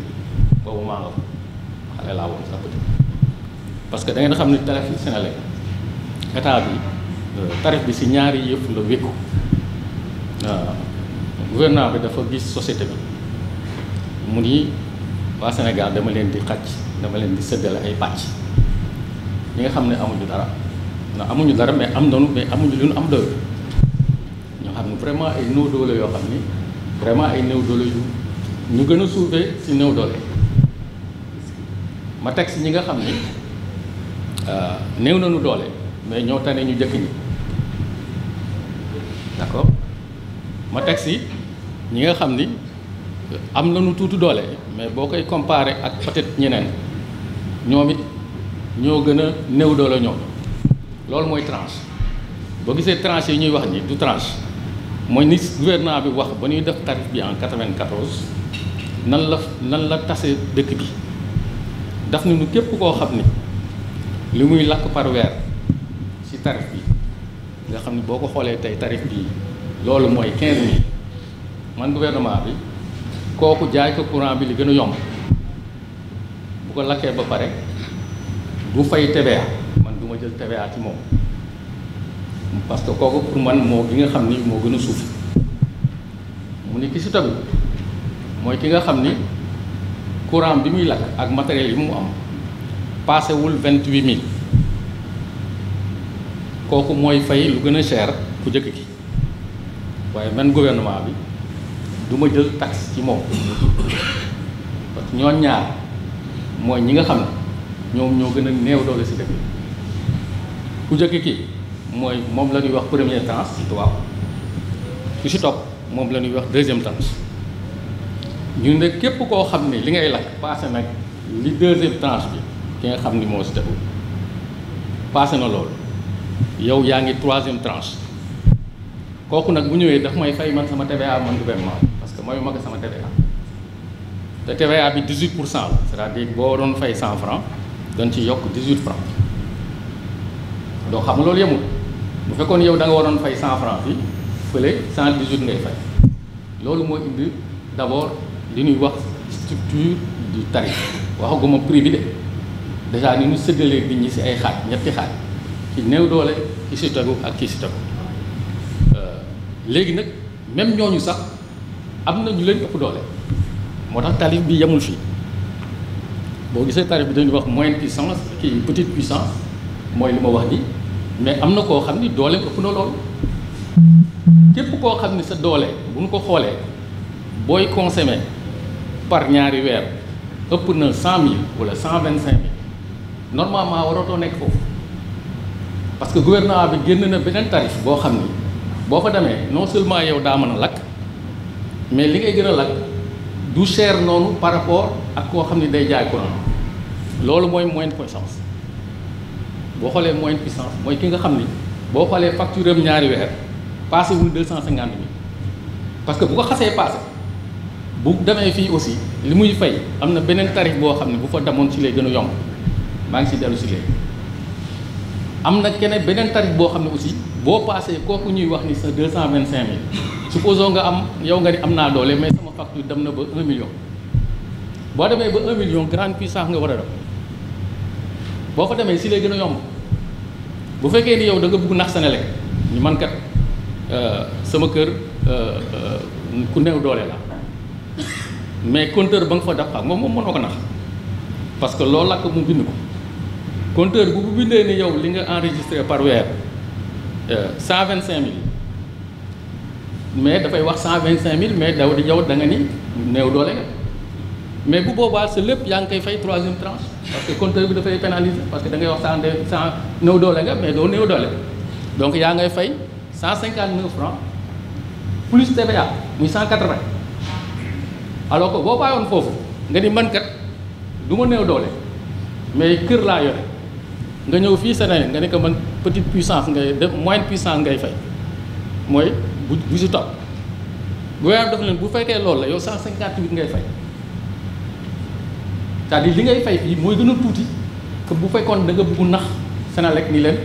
boobu maa nga fa xale laa woon sax parce que da ngeen xam ne tarif yi Sénégal état bi euh, tarif bi si ñaari yëpp la wékku gouvernement bi dafa gis société bi mu ni waa Sénégal dama leen di xaj dama leen di séddale ay pàcc ñi nga xam ne amuñu dara ndax amuñu dara mais am nañu mais amuñu lu ñu am doyul ñoo xam ne vraiment ay néew doole yoo xam ni vraiment ay néew doole yu. ñu gën a suufee ci néew doole ma teg si ñi nga xam ni euh, néew nañu doole mais ñoo tane ñu jëkk ñi d'accord ma teg si ñi nga xam ni euh, am nu tuuti doole mais boo koy comparer ak peut-être ñeneen ñoom it ñoo gën a néew doole ñoom loolu mooy tranche boo gisee tranche yi ñuy wax ni du tranche mooy ni gouvernement bi wax ba ñuy def tarif bi en 94 nan la nan la tase dëkk bi daf na nu képp koo xam ne li muy lakk par weer ci tarif bi nga xam ne boo ko xoolee tey tarif bi loolu mooy 15000 man gouvernement bi kooku jaay ko courant bi li gën a yomb bu ko lakkee ba pare du fay TVA man du ma jël TVA ci moom parce que kooku pour man moo bi nga xam ni moo gën a suuf mu ni ki si tamit mooy ki nga xam ni courant bi muy lakk ak matériel yi mu am paasewul vingt huit mille kooku mooy fay lu gën a cher ku njëkk ki waaye man gouvernement bi duma jël tax ci moom parce que ñoo ñaar mooy ñi nga xam ne ñoom ñoo gën a néew doole si dëkk ku jëkk ki mooy moom la ñuy wax première tranche ci tubaab ku si topp moom la ñuy wax deuxième tranche ñu ne képp koo xam ne li ngay lakk passé nag li deuxième tranche bi ki nga xam ni moo si tegu passé na loolu yow yaa ngi troisième tranche kooku nag bu ñëwee daf may fay man sama TVA man gouvernement parce que mayu ma ko sama TVA te TVA bi 18 pour cent la c'est-à-dire boo doon fay cent francs dañ ci yokk 18 francs doo xam loolu yemul bu fekkoon yow da nga waroon fay 100 francs fii fële 118 ngay fay loolu moo indi d'abord li ñuy wax structure du tarif waxaguma prix bi de dèjà ni ñu sëddalee nit ñi si ay xaaj ñetti xaaj ki néew doole ki si tegu ak ki si tegu euh, léegi nag même ñooñu sax am na ñu leen ëpp doole moo tax tarif bi yemul fii boo gisee tarif bi dañuy wax moyenne puissance kii petite puissance mooy li ma wax nii mais am na koo xam ni doole ëpp na loolu képp koo xam ni sa doole bu ñu ko xoolee booy consommer. par ñaari weer ëpp na cent mille wala cent vingt cinq mille normalement waratoo nekk foofu parce que gouvernement bi génn na beneen tarif boo xam ni boo ko demee non seulement yow daa mën a lakk mais li ngay gën a lakk du cher noonu par rapport ak koo xam ni day jaay courant loolu mooy moyenne puissance boo xoolee moyenne puissance mooy ki nga xam ni boo xoolee facture ñaari weer passé wul deux cent cinquante parce que bu ko xasee passé bu demee fii aussi li muy fay am na beneen tarif boo xam ne bu fa demoon ci lay gën a yomb maa ngi si dellu si léegi am na keneen beneen tarif boo xam ne aussi boo paasee kooku ñuy wax ni sa deux cent vingt sin mille supposons nga am yow nga ni am naa doole mais sama facture dem na ba un million boo demee ba un million grande puissance nga war a def boo fa demee si lay gën a yomb bu fekkee ni yow da nga bugg nax Senelec ñu man kat euh, sama kër euh, euh, ku néew doole la mais compteur ba nga fa def ak moom moom mënoo ko nax parce que loolu làkk mu bind ko compteur bu bu bindee ni yow li nga enregistré par weer euh, cent vingt cinq mille mais dafay wax cent vingt cinq mille mais daw di yow da nga ni néew doole nga mais bu boobaa sa lépp yaa ngi kay fay troisième tranche parce que compteur bi dafay pénaliser parce que da ngay wax cent cent néew doole nga mais doo néew doole donc yaa ngay fay cent cinquante neuf francs plus TVA muy cent quatre vingt alors que boo bàyyoon foofu nga ni man kat du ma néew doole mais kër laa yore nga ñëw fii Sénégal nga ne ko man petite puissance ngay def moyenne puissance ngay fay mooy bu bu si topp gouvernement dafa leen bu fekkee loolu la yow 158 ngay fay c'est-à-dire li ngay fay fii mooy gën a tuuti que bu fekkoon danga nga bëgg nax Sénélec ni leen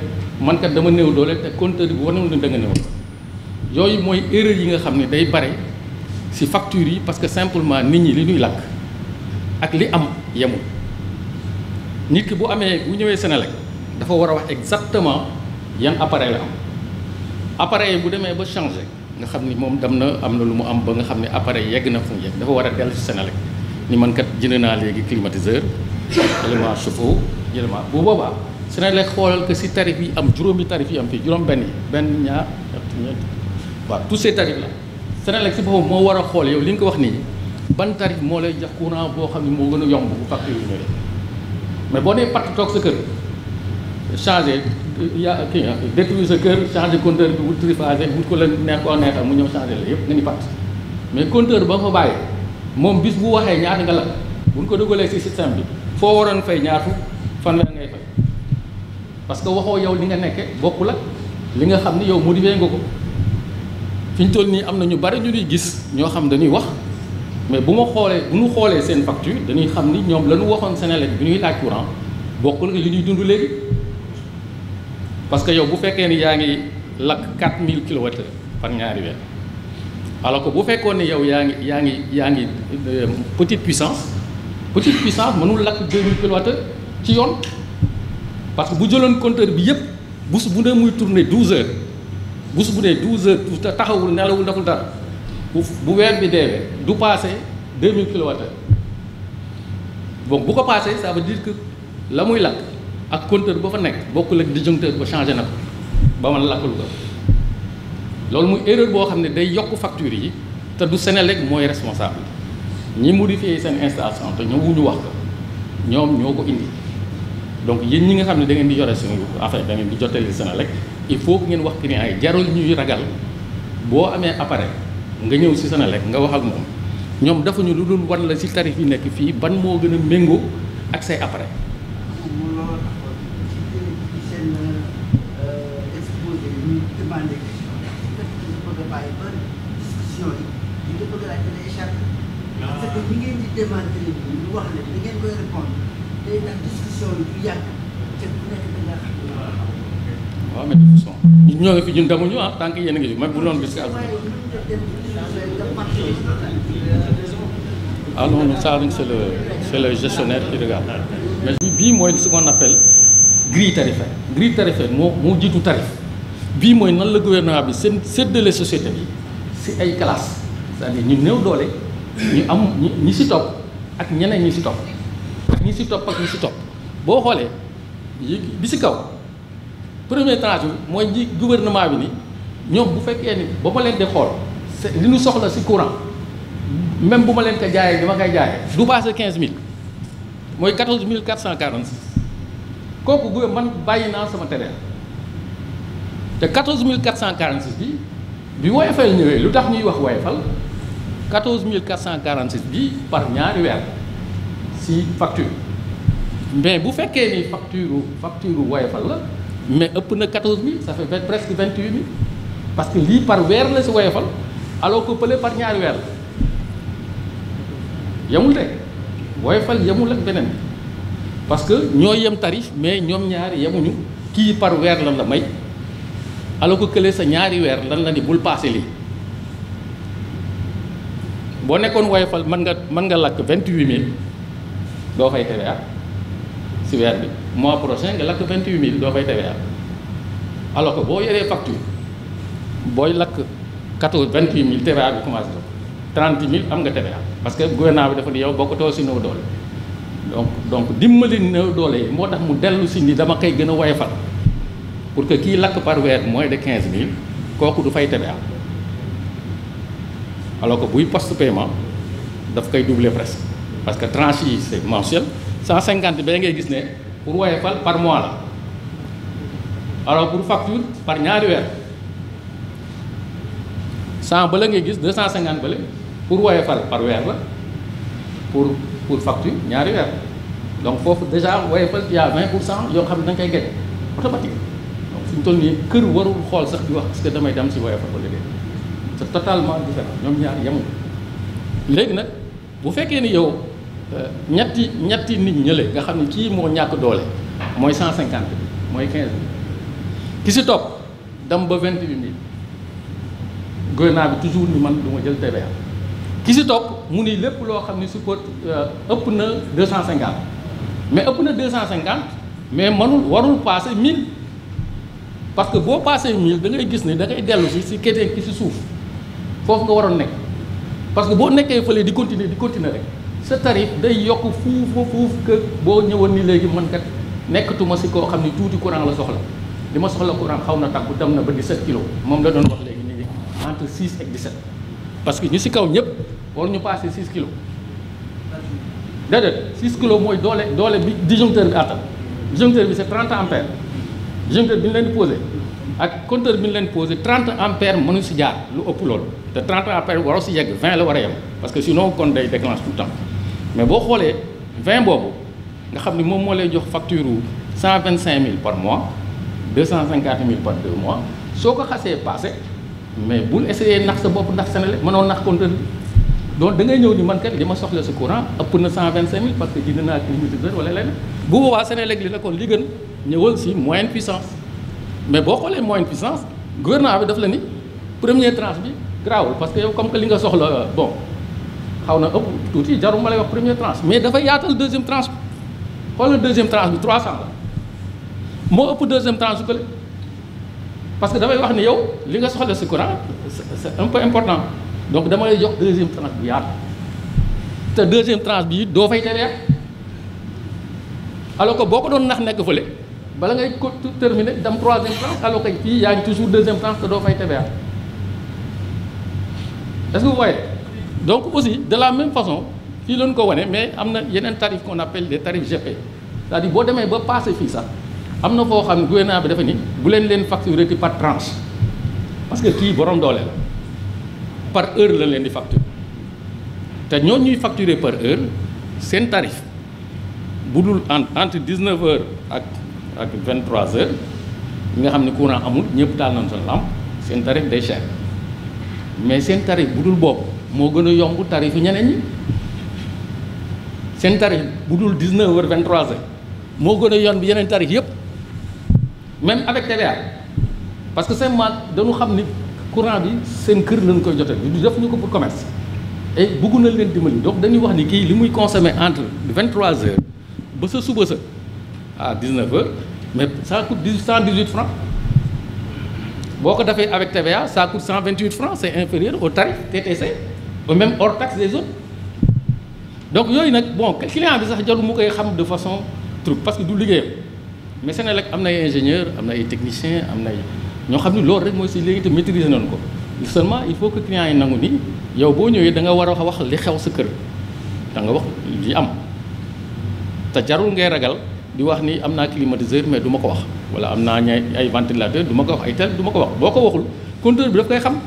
man dama new doole te compteur bi war na da nga néew yooyu mooy erreur yi nga xam ni day bare. ci facture yi parce que simplement nit ñi li ñuy lakk ak li am yemul nit ki bu amee bu ñëwee Senelec dafa war a wax exactement yan appareil la am appareil bu demee ba changé nga xam ni moom dem na am na lu mu am ba nga xam ne appareil yegg na fu mu yegg dafa war a dellu si Senelec ni man kat jënd naa léegi climatiseur élément chauffe-eau élément bu boobaa Senelec xoolal que si tarif yi am juróomi tarif yi am fii juróom benn yi benn ñaar ñett tous ces tarifs Senelec si boppam moo war a xool yow li nga ko wax nii ban tarif moo lay jox courant boo xam ne moo gën a yomb bu facture yi mais boo nee patt toog sa kër changé euh, yaa kii nga détruire sa kër changé compteur bi wut triphasé wut ko la neex koo mu ñëw changé la yëpp nga ni patt mais compteur ba nga fa moom bis bu waxee ñaata nga la bu ñu ko dugalee si système bi foo waroon fay ñaatu fan la ngay fay parce que waxoo yow li nga nekke bokku la li nga xam ne yow modifié nga ko fi toll nii am na ñu bari ñu ñuy gis ñoo xam dañuy wax mais bu ma xoolee bu ñu xoolee seen facture dañuy xam ni ñoom la ñu waxoon Senelec bi ñuy laaj courant bokkul li ñuy dund léegi parce que yow bu fekkee ni yaa ngi lakk 4000 kilowatts par ñaari weer alors que bu fekkoon ni yow yaa ngi yaa ngi yaa ngi euh, petite puissance petite puissance mënul lakk 2000 kilowatts ci yoon parce que bu jëloon compteur bi yépp bu su bu ne muy tourner dou heures. bu su bu dee douze heures taxawul nelawul deful dara bu bu weer bi deewee du passé deux mille kilowattheures bon bu ko passé saaba diir kër la muy lakk ak compteur ba fa nekk bokkul ak disjoncteur ba changé na ko ba man lakkul ko loolu muy erreur boo xam ne day yokk facture yi te du Senelec mooy responsable ñi modifié seen instation te ñoo wuñu wax ko ñoom ñoo ko indi donc yéen ñi nga xam ne da ngeen di yore suñu affaire da ngeen di jottali Senelec il faut ngeen wax client yi jarul ñuy ragal boo amee appareil nga ñëw si Senelec nga wax ak moom ñoom dafa ñu lu dul wan la si tarif yi nekk fii ban moo gën a méngoo ak say appareil. waaw mais de ñoo ngi fi ñun demuñu ah bu doon gis nga. ah non non ça c'est le bii mooy ce qu'on appelle grille tarifaire grille moo moo jiitu tarif bii mooy nan la gouvernement bi seen séddale société bi si ay classes cest dire ñu néew doole ñu am ñu ñi si topp ak ñeneen ñi si topp ak ñi si topp ak ñi si topp boo xoolee bi si kaw. premier tranche bi mooy ji gouvernement bi ni ñoom bu fekkee ni ba ma leen di xool li ñu soxla si courant même bu ma leen ko jaayee li ma koy jaayee du passé quinze mille mooy quatorze mille quatre cent quarante six kooku gu man bàyyi naa sama terrain te quatorze mille quatre cent quarante six bi bi woyofal ñëwee lu tax ñuy wax woyofal quatorze mille quatre cent quarante six bi par ñaari weer si facture mais bu fekkee ni facture facture woyofal la mais ëpp na 14000 ça fait presque 28000 parce que lii par weer la si fal aloo ko pële par ñaari weer yemul de woyofal yemul ak beneen parce que ñoo yem tarif mais ñoom ñaari yemuñu kii par weer lan la may alors ko kële sa ñaari weer lan la ni bul paase lii boo nekkoon woyofal mën nga mën nga lakk 28000 doo fay TVA weer bi mois prochain nga lakk vingt huit mille doo fay TVA alors que boo yoree facture booy lakk quatorze vingt huit mille TVA bi commencé do trente am nga TVA parce que gouvernement bi dafa ni yow boo ko bokkutoo si néew doole donc donc dimbali néew doole yi moo tax mu dellu si ni dama koy gën a woyofal pour que kii lakk par weer moins de quinze mille kooku du fay TVA alors que buy poste paiement daf koy doubler presque parce que tranche yi c'est cent cinquante bee ngay gis ne pour woyefal par mois la alors pour facture par ñaari weer cent ba la ngay gis deux cent cinquante ba la pour woyefal par weer la pour pour facture ñaari weer donc foofu déjà woyefal il y a vingt pour cent yoo xam ne da nga koy gañ automatique fu suñu toll nii kër warul xool sax di wax parce que damay dem si woyefal ba léegi c'est totalement différent ñoom ñaar yemuñu léegi nag bu fekkee ni yow. Euh, ñetti ñetti nit ñële nga xam ne kii moo ñàkk doole mooy 150 bi mooy 15 bi ki si topp dama ba vingt 28 mille gouvernement bi toujours ni man du ma jël TVA ki si topp mu nii lépp loo xam ne support euh, ëpp na deux cent 250 mais ëpp na deux cent cinquante mais mënul warul passé 1000 parce que boo passé 1000 da ngay gis ni da ngay dellu si si keneen ki si suuf foofu nga waroon nekk parce que boo nekkee fële di continuer di continuer sa tarif day yokk fuuf ba fuuf boo ñëwoon ni léegi man kat nekkatuma si koo xam ni tuuti courant la soxla li ma soxla courant xaw na tàkku dem na ba 17 kilos moom la doon wax léegi nit ñi entre 6 ak 17 parce que ñu si kaw ñëpp war ñu passé 6 kilos déedéet 6 kilos mooy doole doole bi disjoncteur bi attan disjoncteur bi c'est 30 ampères disjoncteur bi ñu leen posé ak compteur bi ñu leen posé 30 ampères mënu si jaar lu ëpp loolu te 30 ampères waroo si yegg 20 la war a parce que sinon kon day déclenche tout le temps mais boo xoolee vingt boobu nga xam ni moom moo lay jox facture wu cent vingt cinq mille par mois deux cent cinquante mille par mois soo ko xasee passé mais bul essayé nax sa bopp ndax Senelec mënoon nax compteur bi donc da ngay ñëw ni man kat li ma soxla si courant ëpp na cent vingt cinq mille parce que jënd naa climatiseur wala leneen bu boobaa Senelec li la kon li gën ñëwal si moyenne puissance mais boo xoolee moyenne puissance gouvernement bi daf la ni premier tranche bi garaawul parce que comme que li nga soxla bon xaw na ëpp tuuti jarum ma lay wax première tranche mais dafay yaatal deuxième tranche bi xoolal deuxième tranche bi 300 la moo ëpp deuxième tranche su parce que dafay wax ni yow li nga soxla si courant c'est un important donc dama jox deuxième tranche bu te deuxième tranche bi doo fay TVA alors que boo ko doon nax nekk fële bala ngay ko terminer dem troisième tranche alors que fii yaa ngi toujours deuxième tranche te doo fay TVA est donc aussi de la même façon fii lañu ko wane mais am na yeneen tarif qu'on appelle des tarifs GP cest à boo demee ba passé fii sax am na foo xam ne gouvernement bi dafa ni bu leen leen facturer ci part tranche parce que kii borom doole par heure la leen di facture te ñoo ñuy facturer par heure seen tarif bu dul entre 19 heures ak ak 23 heures ñi nga xam ne courant amul ñëpp taal nañ seen lampe seen tarif day cher mais seen tarif bu dul boobu moo gën a yomb tarifu ñeneen ñi seen tarif bu dul 19 heures 23 heures moo gën a yomb yeneen tarif yëpp même avec TVA parce que seen maat dañu xam ni courant bi seen kër lañ koy jotee du def ñu ko pour commerce et bëggu na leen dimbali donc dañuy wax ni kii li muy consommer entre 23 heures ba sa suba sa à 19 heures mais cent coûte 118 francs boo ko defee avec TVA ça coûte 128 francs c'est inférieur au tarif TTC ou même hors taxe des autres donc yooyu nag bon client bi sax jarul mu koy xam de façon truc parce que du liggéeyam mais Senelec am na ay ingénieur am na ay technicien am na ay ñoo xam ni loolu rek mooy si léegi te maîtriser nañu ko seulement il faut que client yi nangu ni yow boo ñëwee da nga war a wax li xew sa kër da nga wax li am te jarul ngay ragal di wax ni am naa climatiseur mais du ma ko wax wala am naa ñay ay ventilateur du ma ko wax ay tel du ma ko wax boo ko waxul compteur bi daf xam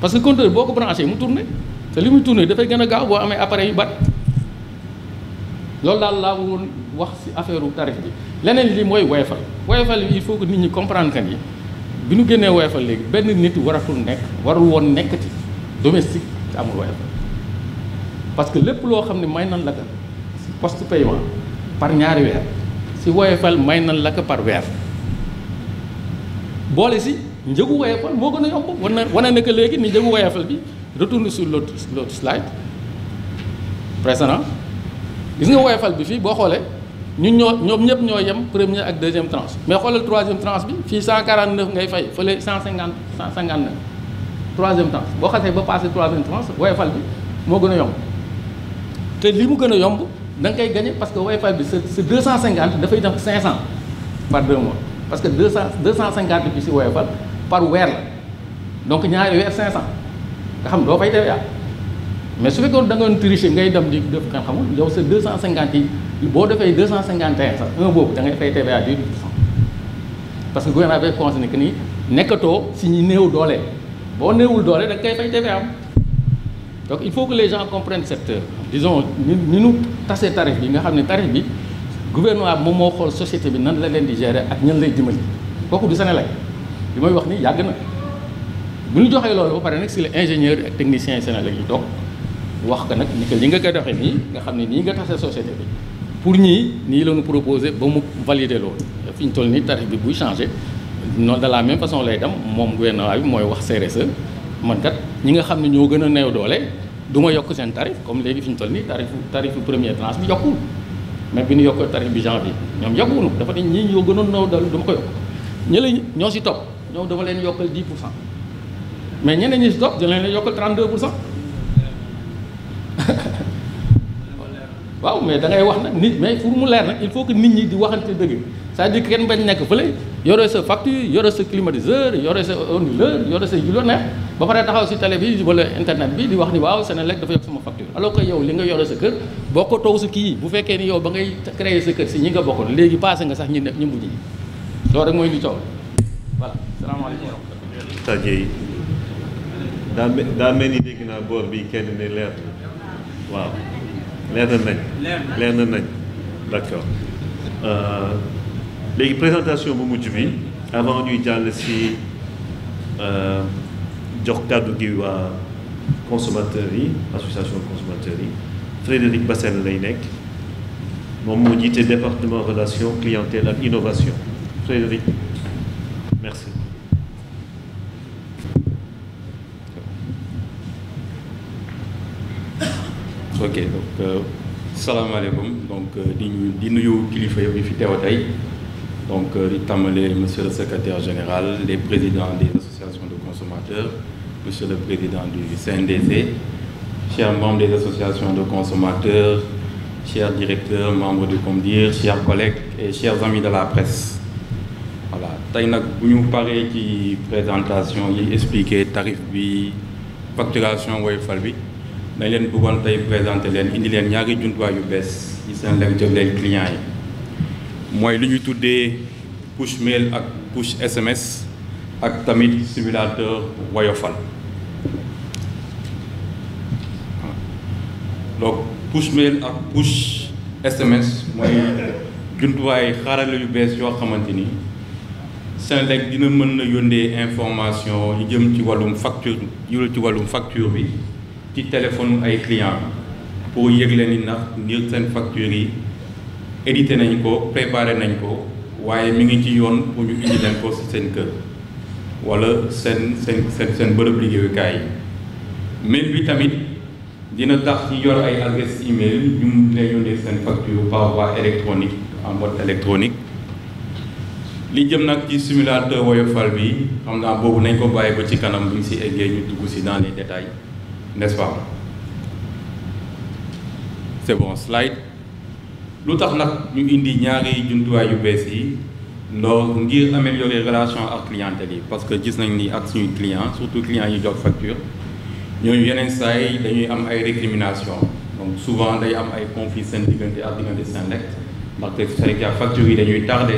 parce que compteur boo ko branché mu tourné te li muy tourné dafay gën a gaaw boo amee appareil yu bari loolu daal laa woon wax ci affaire u tarif bi leneen li mooy woyofal woyofal bi il faut nit ñi comprendre que ni bi ñu génnee woyofal léegi benn nit waratul nekk warul woon nekkati domestique te amul woyofal parce que lépp loo xam ne may nan la ko ci poste par ñaari weer ci woyofal may nan la ko par weer boole ci njëgu woyofal moo gën a yomb wan na wane na que léegi ni njëgu woyofal bi retourne sur l'autre l'autre slide précédent gis nga woyofal bi fii boo xoolee ñu ñoo ñoom ñëpp ñoo yem première ak deuxième tranche mais xoolal troisième tranche bi fii 149 ngay fay fële 150 159 troisième tranche boo xasee ba passé troisième tranche woyofal bi moo gën a yomb te li mu gën a yomb da nga koy gagné parce que woyofal bi sa sa 250 dafay def 500 par deux mois parce que 200 250 bi si woyofal par weer la donc ñaari weer 500 nga xam doo fay TVA mais su fekkoon da nga doon tricher ngay dem di def kan xamul yow sa 250 yi boo defee 251 sax un boobu da ngay fay TVA 10 pour cent parce que gouvernement bi concerné que nii nekkatoo si ñi néew doolee boo néewul doolee da nga koy fay TVA am donc il faut que les gens comprennent cette disons ni ñu tasee tarif bi nga xam ne tarif bi gouvernement bi moom moo xool société bi nan la leen di gérer ak ñan lay dimbali kooku du Sénégal li may wax nii yàgg na bu ñu joxee loolu ba pare nag si la ingénieur ak technicien yi Sénégal yi toog wax ko nag ni que li nga ko doxee nii nga xam ne nii nga tase société bi pour ñii nii la ñu proposé ba mu valider loolu fi ñu toll nii tarif bi buy changé noonu de la même façon lay dem moom gouvernement bi mooy wax CRSE man kat ñi nga xam ne ñoo gën a néew doole du ma yokk seen tarif comme léegi fi ñu toll nii tarif tarifu première tranche bi yokkul mais bi ñu yokk tarif bi janvier ñoom yokkuwunu dafa ne ñii ñoo gënoon néew doole du ma ko yokk ñi ñoo si topp ñoom dama leen yokkal 10 pour cent mais ñeneen ñi si topp dina leen yokkal 32 pour cent <laughs> waaw mais da ngay wax nag nit mais pour mu leer nag il faut que nit ñi di waxante dëgg c'est-à-dire kenn bañ nekk fële yore sa facture yore sa climatiseur yore sa onduleur yore sa neex ba pare taxaw si tele bi wala internet bi di wax ni waaw Senelec dafa yokk sama facture alors que yow li nga yore sa kër bokkatoo si kii bu fekkee ni yow ba ngay créer sa kër si ñi nga bokkoon léegi passé nga sax ñi ne ñu mujj yi loolu rek mooy li coow taje yi daa me daa mel ni dégg naa boor bi kenn ne leer na waaw leer na nañ leer na nañ d'accord euh, léegi présentation bu mujj bi avant ñuy jàll si euh, jox kàddu gi waa consommateurs yi association consommateurs yi Frédéric Bassène lay nekk moom moo jiite département relation clientèle ak innovation Frédéric ok donc euh, salaamaaleykum donc euh, di ñu di nuyu kilifa yëpp ñu fi teew tey donc euh, di tàmbale monsieur le secrétaire général les présidents des associations de consommateurs monsieur le président du CNDC chers membres des associations de consommateurs chers directeurs membres du COMDIR chers collègues et chers amis de la presse voilà tey nag bu ñu paree ci présentation yi expliquer tarif bi facturation Woyofal bi nañ leen bëggoon tey présenté leen indi leen ñaari jumtuwaay yu bees yi seen leen jëf leen clients yi mooy lu ñu tuddee push mail ak push SMS ak tamit simulateur woyofal donc push mail ak push SMS mooy jumtuwaay xarala yu bees yoo xamante ni Senelec dina mën na yónnee information yu jëm ci wàllum facture yu ci wàllum facture bi ci téléphone ay client pour yëgle ni ndax ngir seen facture yi édité nañ ko préparé nañ ko waaye mu ngi ci yoon pour ñu indi leen ko seen kër wala seen seen seen seen bërëb liggéeyukaay yi mail bi tamit dina tax ci yor ay adresse email ñu mun leen yónnee seen facture par voie électronique en mode électronique li jëm nag ci simulateur woyofal bi xam naa boobu nañ ko bàyyi ba ci kanam bu ñu si eggee ñu dugg si dans les détails nest pa pas c'est bon slide lu tax nag ñu indi ñaari jumtuwaay yu bees yi noo ngir améliorer relation ak clientèle yi parce que gis nañ ni ak suñu client surtout client yi jot facture ñooñu yeneen saa yi dañuy am ay récrimination donc souvent day am ay conflit seen diggante ak diggante seen lekk ndaxte c'est que facture yi dañuy tardé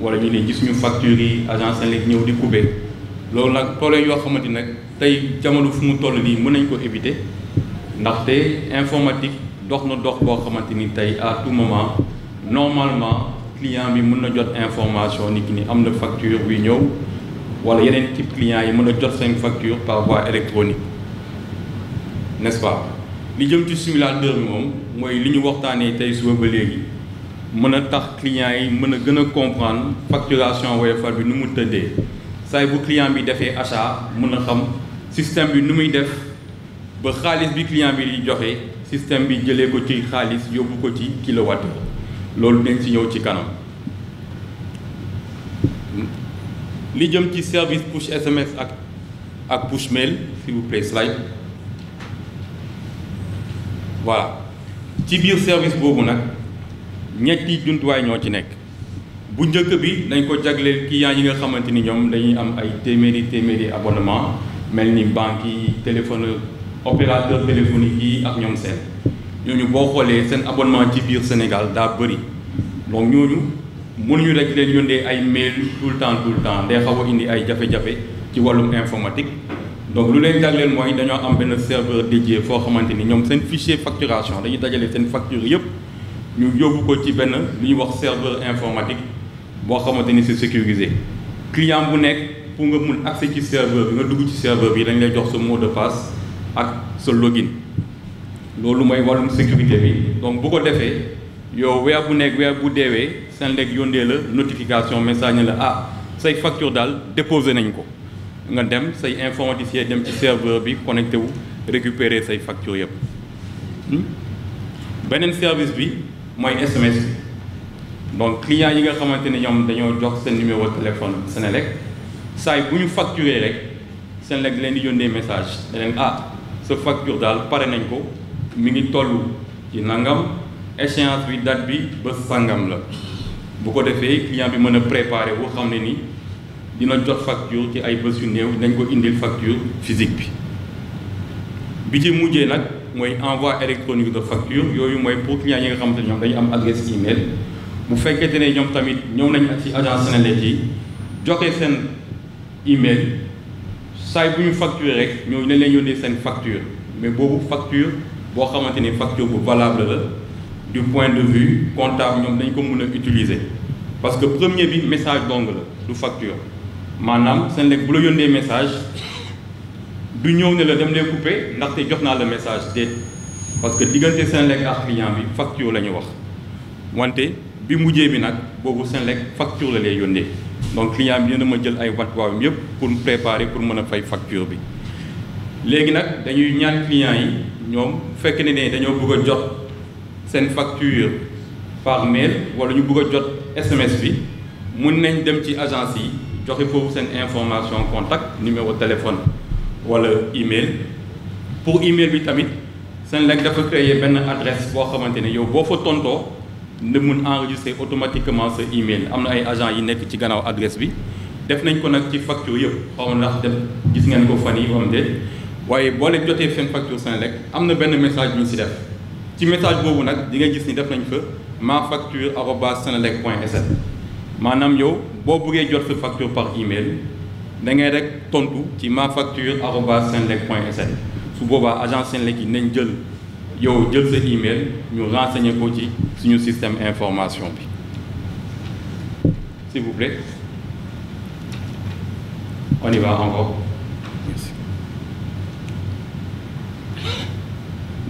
wala ñu ne gis ñu facture yi agence seen lekk ñëw di couper loolu nag problème yoo xamante nag tey jamono fu mu toll nii mën nañ ko éviter ndaxte informatique dox na dox boo xamante ni tey à tout moment normalement client bi mun na jot information nit ki ni am na facture buy ñëw wala yeneen type client yi mën a jot seen facture par voie électronique n'est-ce pas li jëm ci simulateur bi moom mooy li ñu waxtaanee tey suba ba léegi mën a tax client yi mën a gën a comprendre facturation Woyofal bi nu mu tëddee saay bu client bi defee achat mën a xam système bi nu muy def ba xaalis bi client bi di joxe système bi jëlee ko ci xaalis yóbbu ko ci kilowatt loolu dañ si ñëw ci kanam li jëm ci service push SMS ak ak push mail s'il vous plaît slide voilà ci biir service boobu nag ñetti jumtuwaay ñoo ci nekk bu njëkk bi dañ ko jagleel clients yi nga xamante ni ñoom dañuy am ay téeméeri téeméeri abonnement mel ni banques yi téléphone opérateur téléphonique yi ak ñoom seen ñooñu boo xoolee seen abonnement ci biir Sénégal daa bëri donc ñooñu mënuñu rek leen yóndee ay mail tout le temps tout le temps day xaw a indi ay jafe-jafe ci wàllum informatique donc lu leen jagleel mooy dañoo am benn serveur dédié foo xamante ni ñoom seen fichier facturation dañuy dajale seen facture yëpp ñu yóbbu ko ci benn lu ñuy wax serveur informatique boo xamante ni c'est sécurisé client bu nekk pour nga mun accès ci serveur bi nga dugg ci serveur bi dañ lay jox sa mot de passe ak sa login loolu mooy wàllum sécurité bi donc bu ko defee yow weer bu nekk weer bu deewee seen lekk yóndee la notification message na la ah say facture daal déposé nañ ko nga dem say informaticien dem ci serveur bi connecté wu récupérer say facture yëpp hmm? beneen service bi mooy SMS donc client yi nga xamante ni ñoom dañoo jox seen numéro téléphone Senelec saay bu ñu facturé rek seen Senelec leen di yónnee message ne leen ah sa facture daal pare nañ ko mi ngi tollu ci nangam échéance bi date bi ba sangam la bu ko defee client bi mën a préparer wu xam ne ni dina jot facture ci ay bës yu néew dañ ko indil facture physique bi bi ci mujjee nag mooy envoi électronique de facture yooyu mooy pour client yi nga xamante ne ñoom dañu am adresse bu fekkente ne ñoom tamit ñëw nañ ci agence Senelec yi joxe seen email saay bu ñu facture rek ñooñu ne leen yónnee seen facture mais boobu facture boo xamante ni facture bu valable la du point de vue comptable ñoom dañ ko mën a utiliser parce que premier bi message dong la du facture maanaam Senelec bu la yónnee message du ñëw ne la dem lee coupé ndaxte jox naa la message déet parce que diggante Senelec ak client bi facture la ñu wax wante bi mujjee bi nag boobu seen Senelec facture la lay yónnee donc client bi dina ma jël ay matuwaayam yëpp pour préparer pour mën a fay facture bi. léegi nag dañuy ñaan client yi ñoom fekk ne ne dañoo bëgg a jot seen facture par mail wala ñu bëgg a jot SMS bi mun nañ dem ci agence yi joxe foofu seen information contact numéro téléphone wala email pour email bi tamit seen Senelec dafa créer benn adresse boo xamante ne yow boo fa tontoo. na mun enregistrer automatiquement sa email am na ay agent yi nekk ci gannaaw adresse bi def nañ ko nag ci facture yëpp xaw ma ndax def gis ngeen ko fan yi am de waaye boo leen jotee seen facture seen rek am na benn message ñu si def ci message boobu nag di nga gis ni def nañ fa ma facture arobase senelec point sn maanaam yow boo buggee jot sa facture par email da ngay rek tontu ci ma facture arobase senelec point sn su boobaa agent Senelec yi nañ jël yow jël sa email ñu renseigner ko ci suñu système information bi s'il vous plaît on y va encore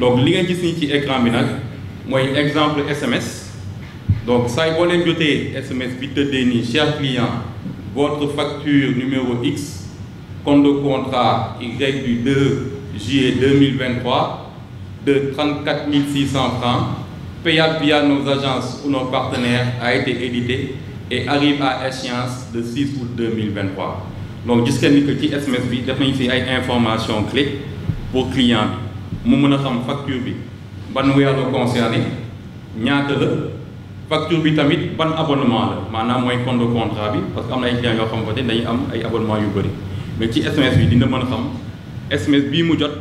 donc li nga gis nii ci écran bi nag mooy exemple SMS donc saay boo leen jotee SMS bi tëddee nii cher client votre facture numéro X compte de contrat Y du 2 juillet de 34 600 francs, payable via nos agences ou nos partenaires, a été édité et arrive à échéance de 6 août 2023. donc gis ngeen ni que ci SMS bi def nañu si ay information clé pour client bi mu mën a xam facture bi ban weer la concerné ñaata la facture bi tamit ban abonnement la maanaam mooy compte contrat bi parce que am na ay clients yoo xamante ne dañuy am ay abonnement yu bëri mais ci SMS bi dina mën a xam SMS bii mu jot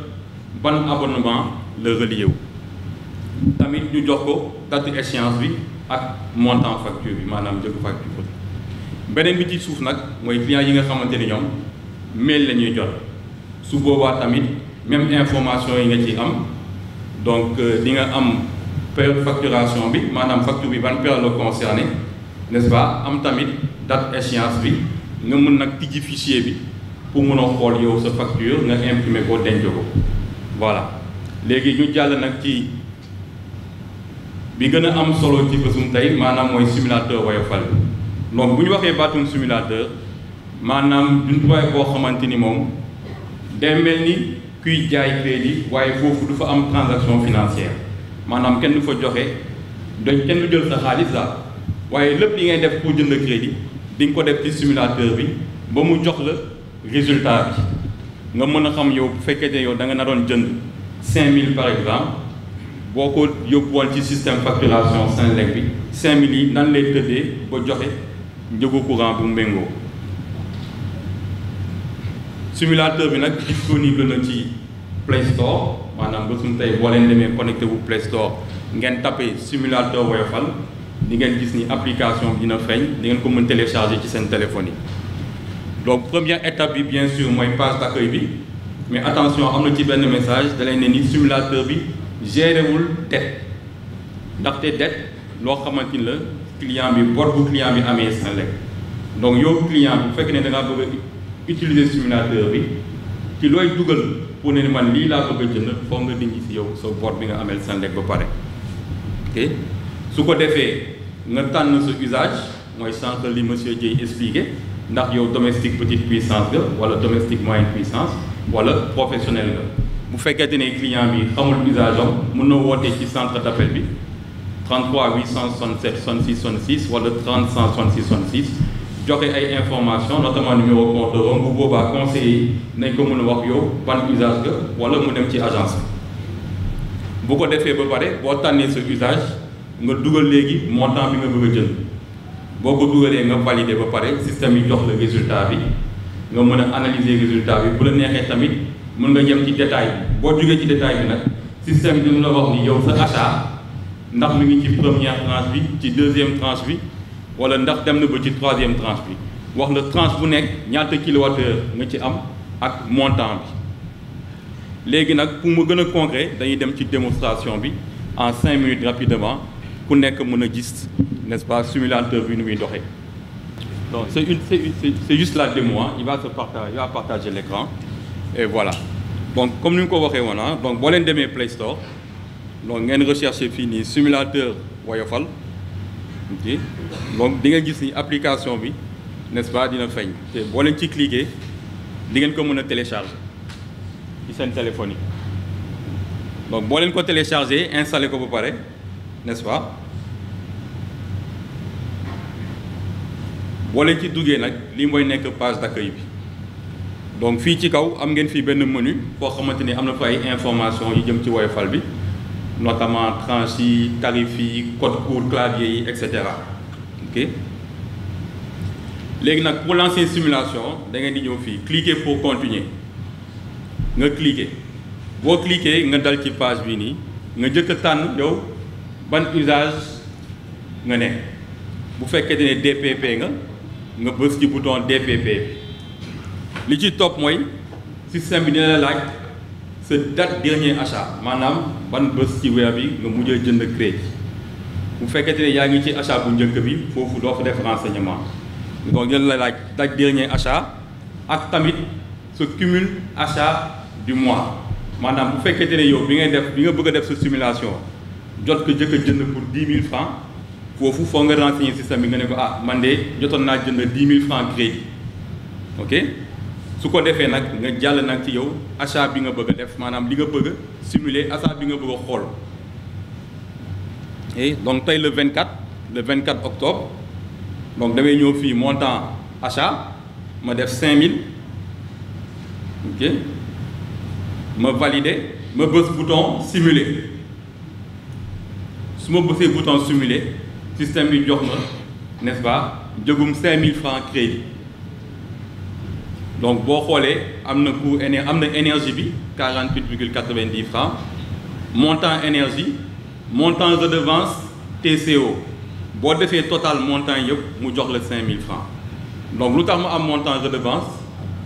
ban abonnement la relier wu tamit ñu jox ko date échéance bi ak montant facture bi maanaam njëkk facture beneen bi ci suuf nag mooy client yi nga xamante ni ñoom mail la ñuy jot su boobaa tamit même information yi nga ci am donc euh, di nga am période facturation bi maanaam facture bi ban période la concerné n'est-ce pas am tamit date échéance bi nga mën nag tijji fichier bi pour mën a xool yow sa facture nga imprimer ko denc ko voilà léegi ñu jàll nag ci bi gën a am solo ci bésum tey maanaam mooy simulateur woyofal donc bu ñu waxee baatum simulateur maanaam jumtuwaay boo xamante ni moom day mel ni kuy jaay crédit waaye foofu du fa am transaction financière maanaam kenn du fa joxe doñ kenn du jël sa xaalis la waaye lépp li ngay def pour jënd crédit di nga ko def ci simulateur bi ba mu jox la résultat bi nga mën a xam yow bu fekkee ne yow da nga naroon jënd 5000 par exemple boo ko yóbbuwoon ci système facturation Senelec bi 5000 yi nan lay tëddee ba joxe njëgu courant bu méngoo simulateur bi nag disponible na ci Play Store maanaam ba suñu tey boo leen demee connecté bu Play Store ngeen tapé simulateur Woyofal di ngeen gis ni application bi dina feeñ di ngeen ko mën télécharger ci seen téléphone yi donc première étape bi bien sûr mooy page d'accueil bi mais attention am na ci benn message da lay ne ni simulateur bi gérewul dette ndaxte dette loo xamante la client bi bor bu client bi amee sa lekk donc yow client bi bu fekkee ne da ngaa bëgg a utiliser simulateur bi ci looy dugal pour ne man lii laa bëgg a jënd foog nga dindi si yow sa bor bi nga amee sa lekk ba pare ok su ko defee nga tànn sa usage mooy sànq li monsieur Dieye expliqué ndax yow domestique petite puissance ga wala domestique moyenne puissance wala professionnel la bu fekkente ne client bi amul usage am mën na wootee ci centre d' appel bi 33 867 66 66 wala 30 166 66 joxe ay information notamment numéro compte bu boobaa conseiller nañ ko mën a wax yow ban usage nga wala mu dem ci agence bu ko defee ba pare boo tànnee sa usage nga dugal léegi montant bi nga bëgg a jël boo ko dugalee nga validé ba pare système yi jox la résultat bi nga mën a analyser résultat bi bu la neexee tamit mën nga jëm ci détail bi boo jógee ci détail bi nag système bi dina la wax ni yow sa ataa ndax mi ngi ci première tranche bi ci deuxième tranche bi wala ndax dem na ba ci troisième tranche bi wax la tranche bu nekk ñaata kilowattheure nga ci am ak montant bi léegi nag pour mu gën a concret dañuy dem ci démonstration bi en cinq minutes rapidement ku nekk mën a gis nes ce pas simulateur bi nu muy doxee Donc c'est une, c'est juste la démo, hein. il va se partager, il va partager l'écran. Et voilà. Donc comme nous l'avons dit, donc vous allez dans Play Store. Donc une recherche finie, simulateur Wayofal. Okay. Donc vous allez voir l'application, n'est-ce pas, dina feñ. Té bo leen ci cliquer, di ngeen ko mëna télécharger ci seen téléphone yi. Donc boo leen ko télécharger, installer ko ba pare n'est-ce boo leen ci duggee nag lii mooy nekk page d'accueil bi donc fii ci kaw am ngeen fii benn menu foo xamante ni am na fa ay information yu jëm ci woy fal bi notamment tranches yi tarif yi code cours clavier yi et cetera ok léegi nag pour lancer simulation da ngeen di ñëw fii cliquer pour continuer nga cliquer boo cliquer nga dal ci page bi nii nga jëkk a tànn yow ban usage nga ne bu fekkee ne DPP nga nga bës ci bouton DPP li ci topp mooy système bi dina la laaj sa date dernier achat maanaam ban bés ci weer bi nga mujjee jënd crédit bu fekkente ne yaa ngi ci achat bu njëkk bi foofu doo fa def renseignement donc dina la laaj date dernier achat ak tamit sa cumul achat du mois maanaam bu fekkente ne yow bi ngay def bi nga bëgg a def sa simulation jot ko jëkk jënd pour dix mille francs foofu foo nga renseigner système bi nga ne ko ah man de jotoon naa jënd dix mille francs crédit ok su ko defee nag nga jàll nag ci yow achat bi nga bëgg def maanaam li nga bëgg a simuler bi nga bëgg xool et donc tey le vingt 24 le 24 octobre donc damay ñëw fii montant achat ma def 5000 ok ma valider ma bës bouton simuler su ma bësee bouton simuler système bi jox ma n'est-ce pas jógum 5000 francs crédit donc boo xoolee am na coût éner am na énergie bi 48 virgule 90 francs montant énergie montant redevance TCO boo defee total montant yëpp mu jox la 5000 francs donc lu tax mu am montant redevance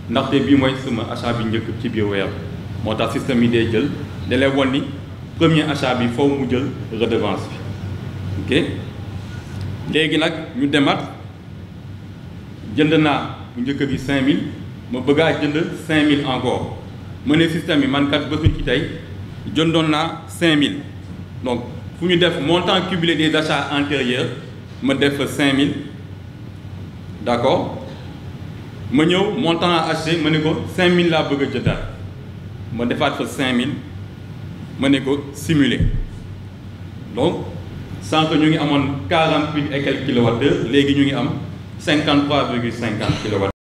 ndaxte bii mooy sama achat bi njëkk ci biir weer moo tax système yi day jël da lay won ni premier achat bi foofu mu jël redevance bi ok. léegi nag ñu demaat jënd naa bu njëkk bi 5000 ma bëggaa jënd 5000 encore ma ne système bi man kat bësuñ ci tey jëndoon naa 5000 donc fu ñu def montant cumulé des achats antérieurs ma def 5000 d' accord ma ñëw montant à acheter ma ne ko mille laa bëgg a ma defaat fa mille ma ne ko simuler sànq ñu ngi amoon quarante huit et quelques kilowattheures léegi ñu ngi am cinquante trois virgule cinquante kilowatt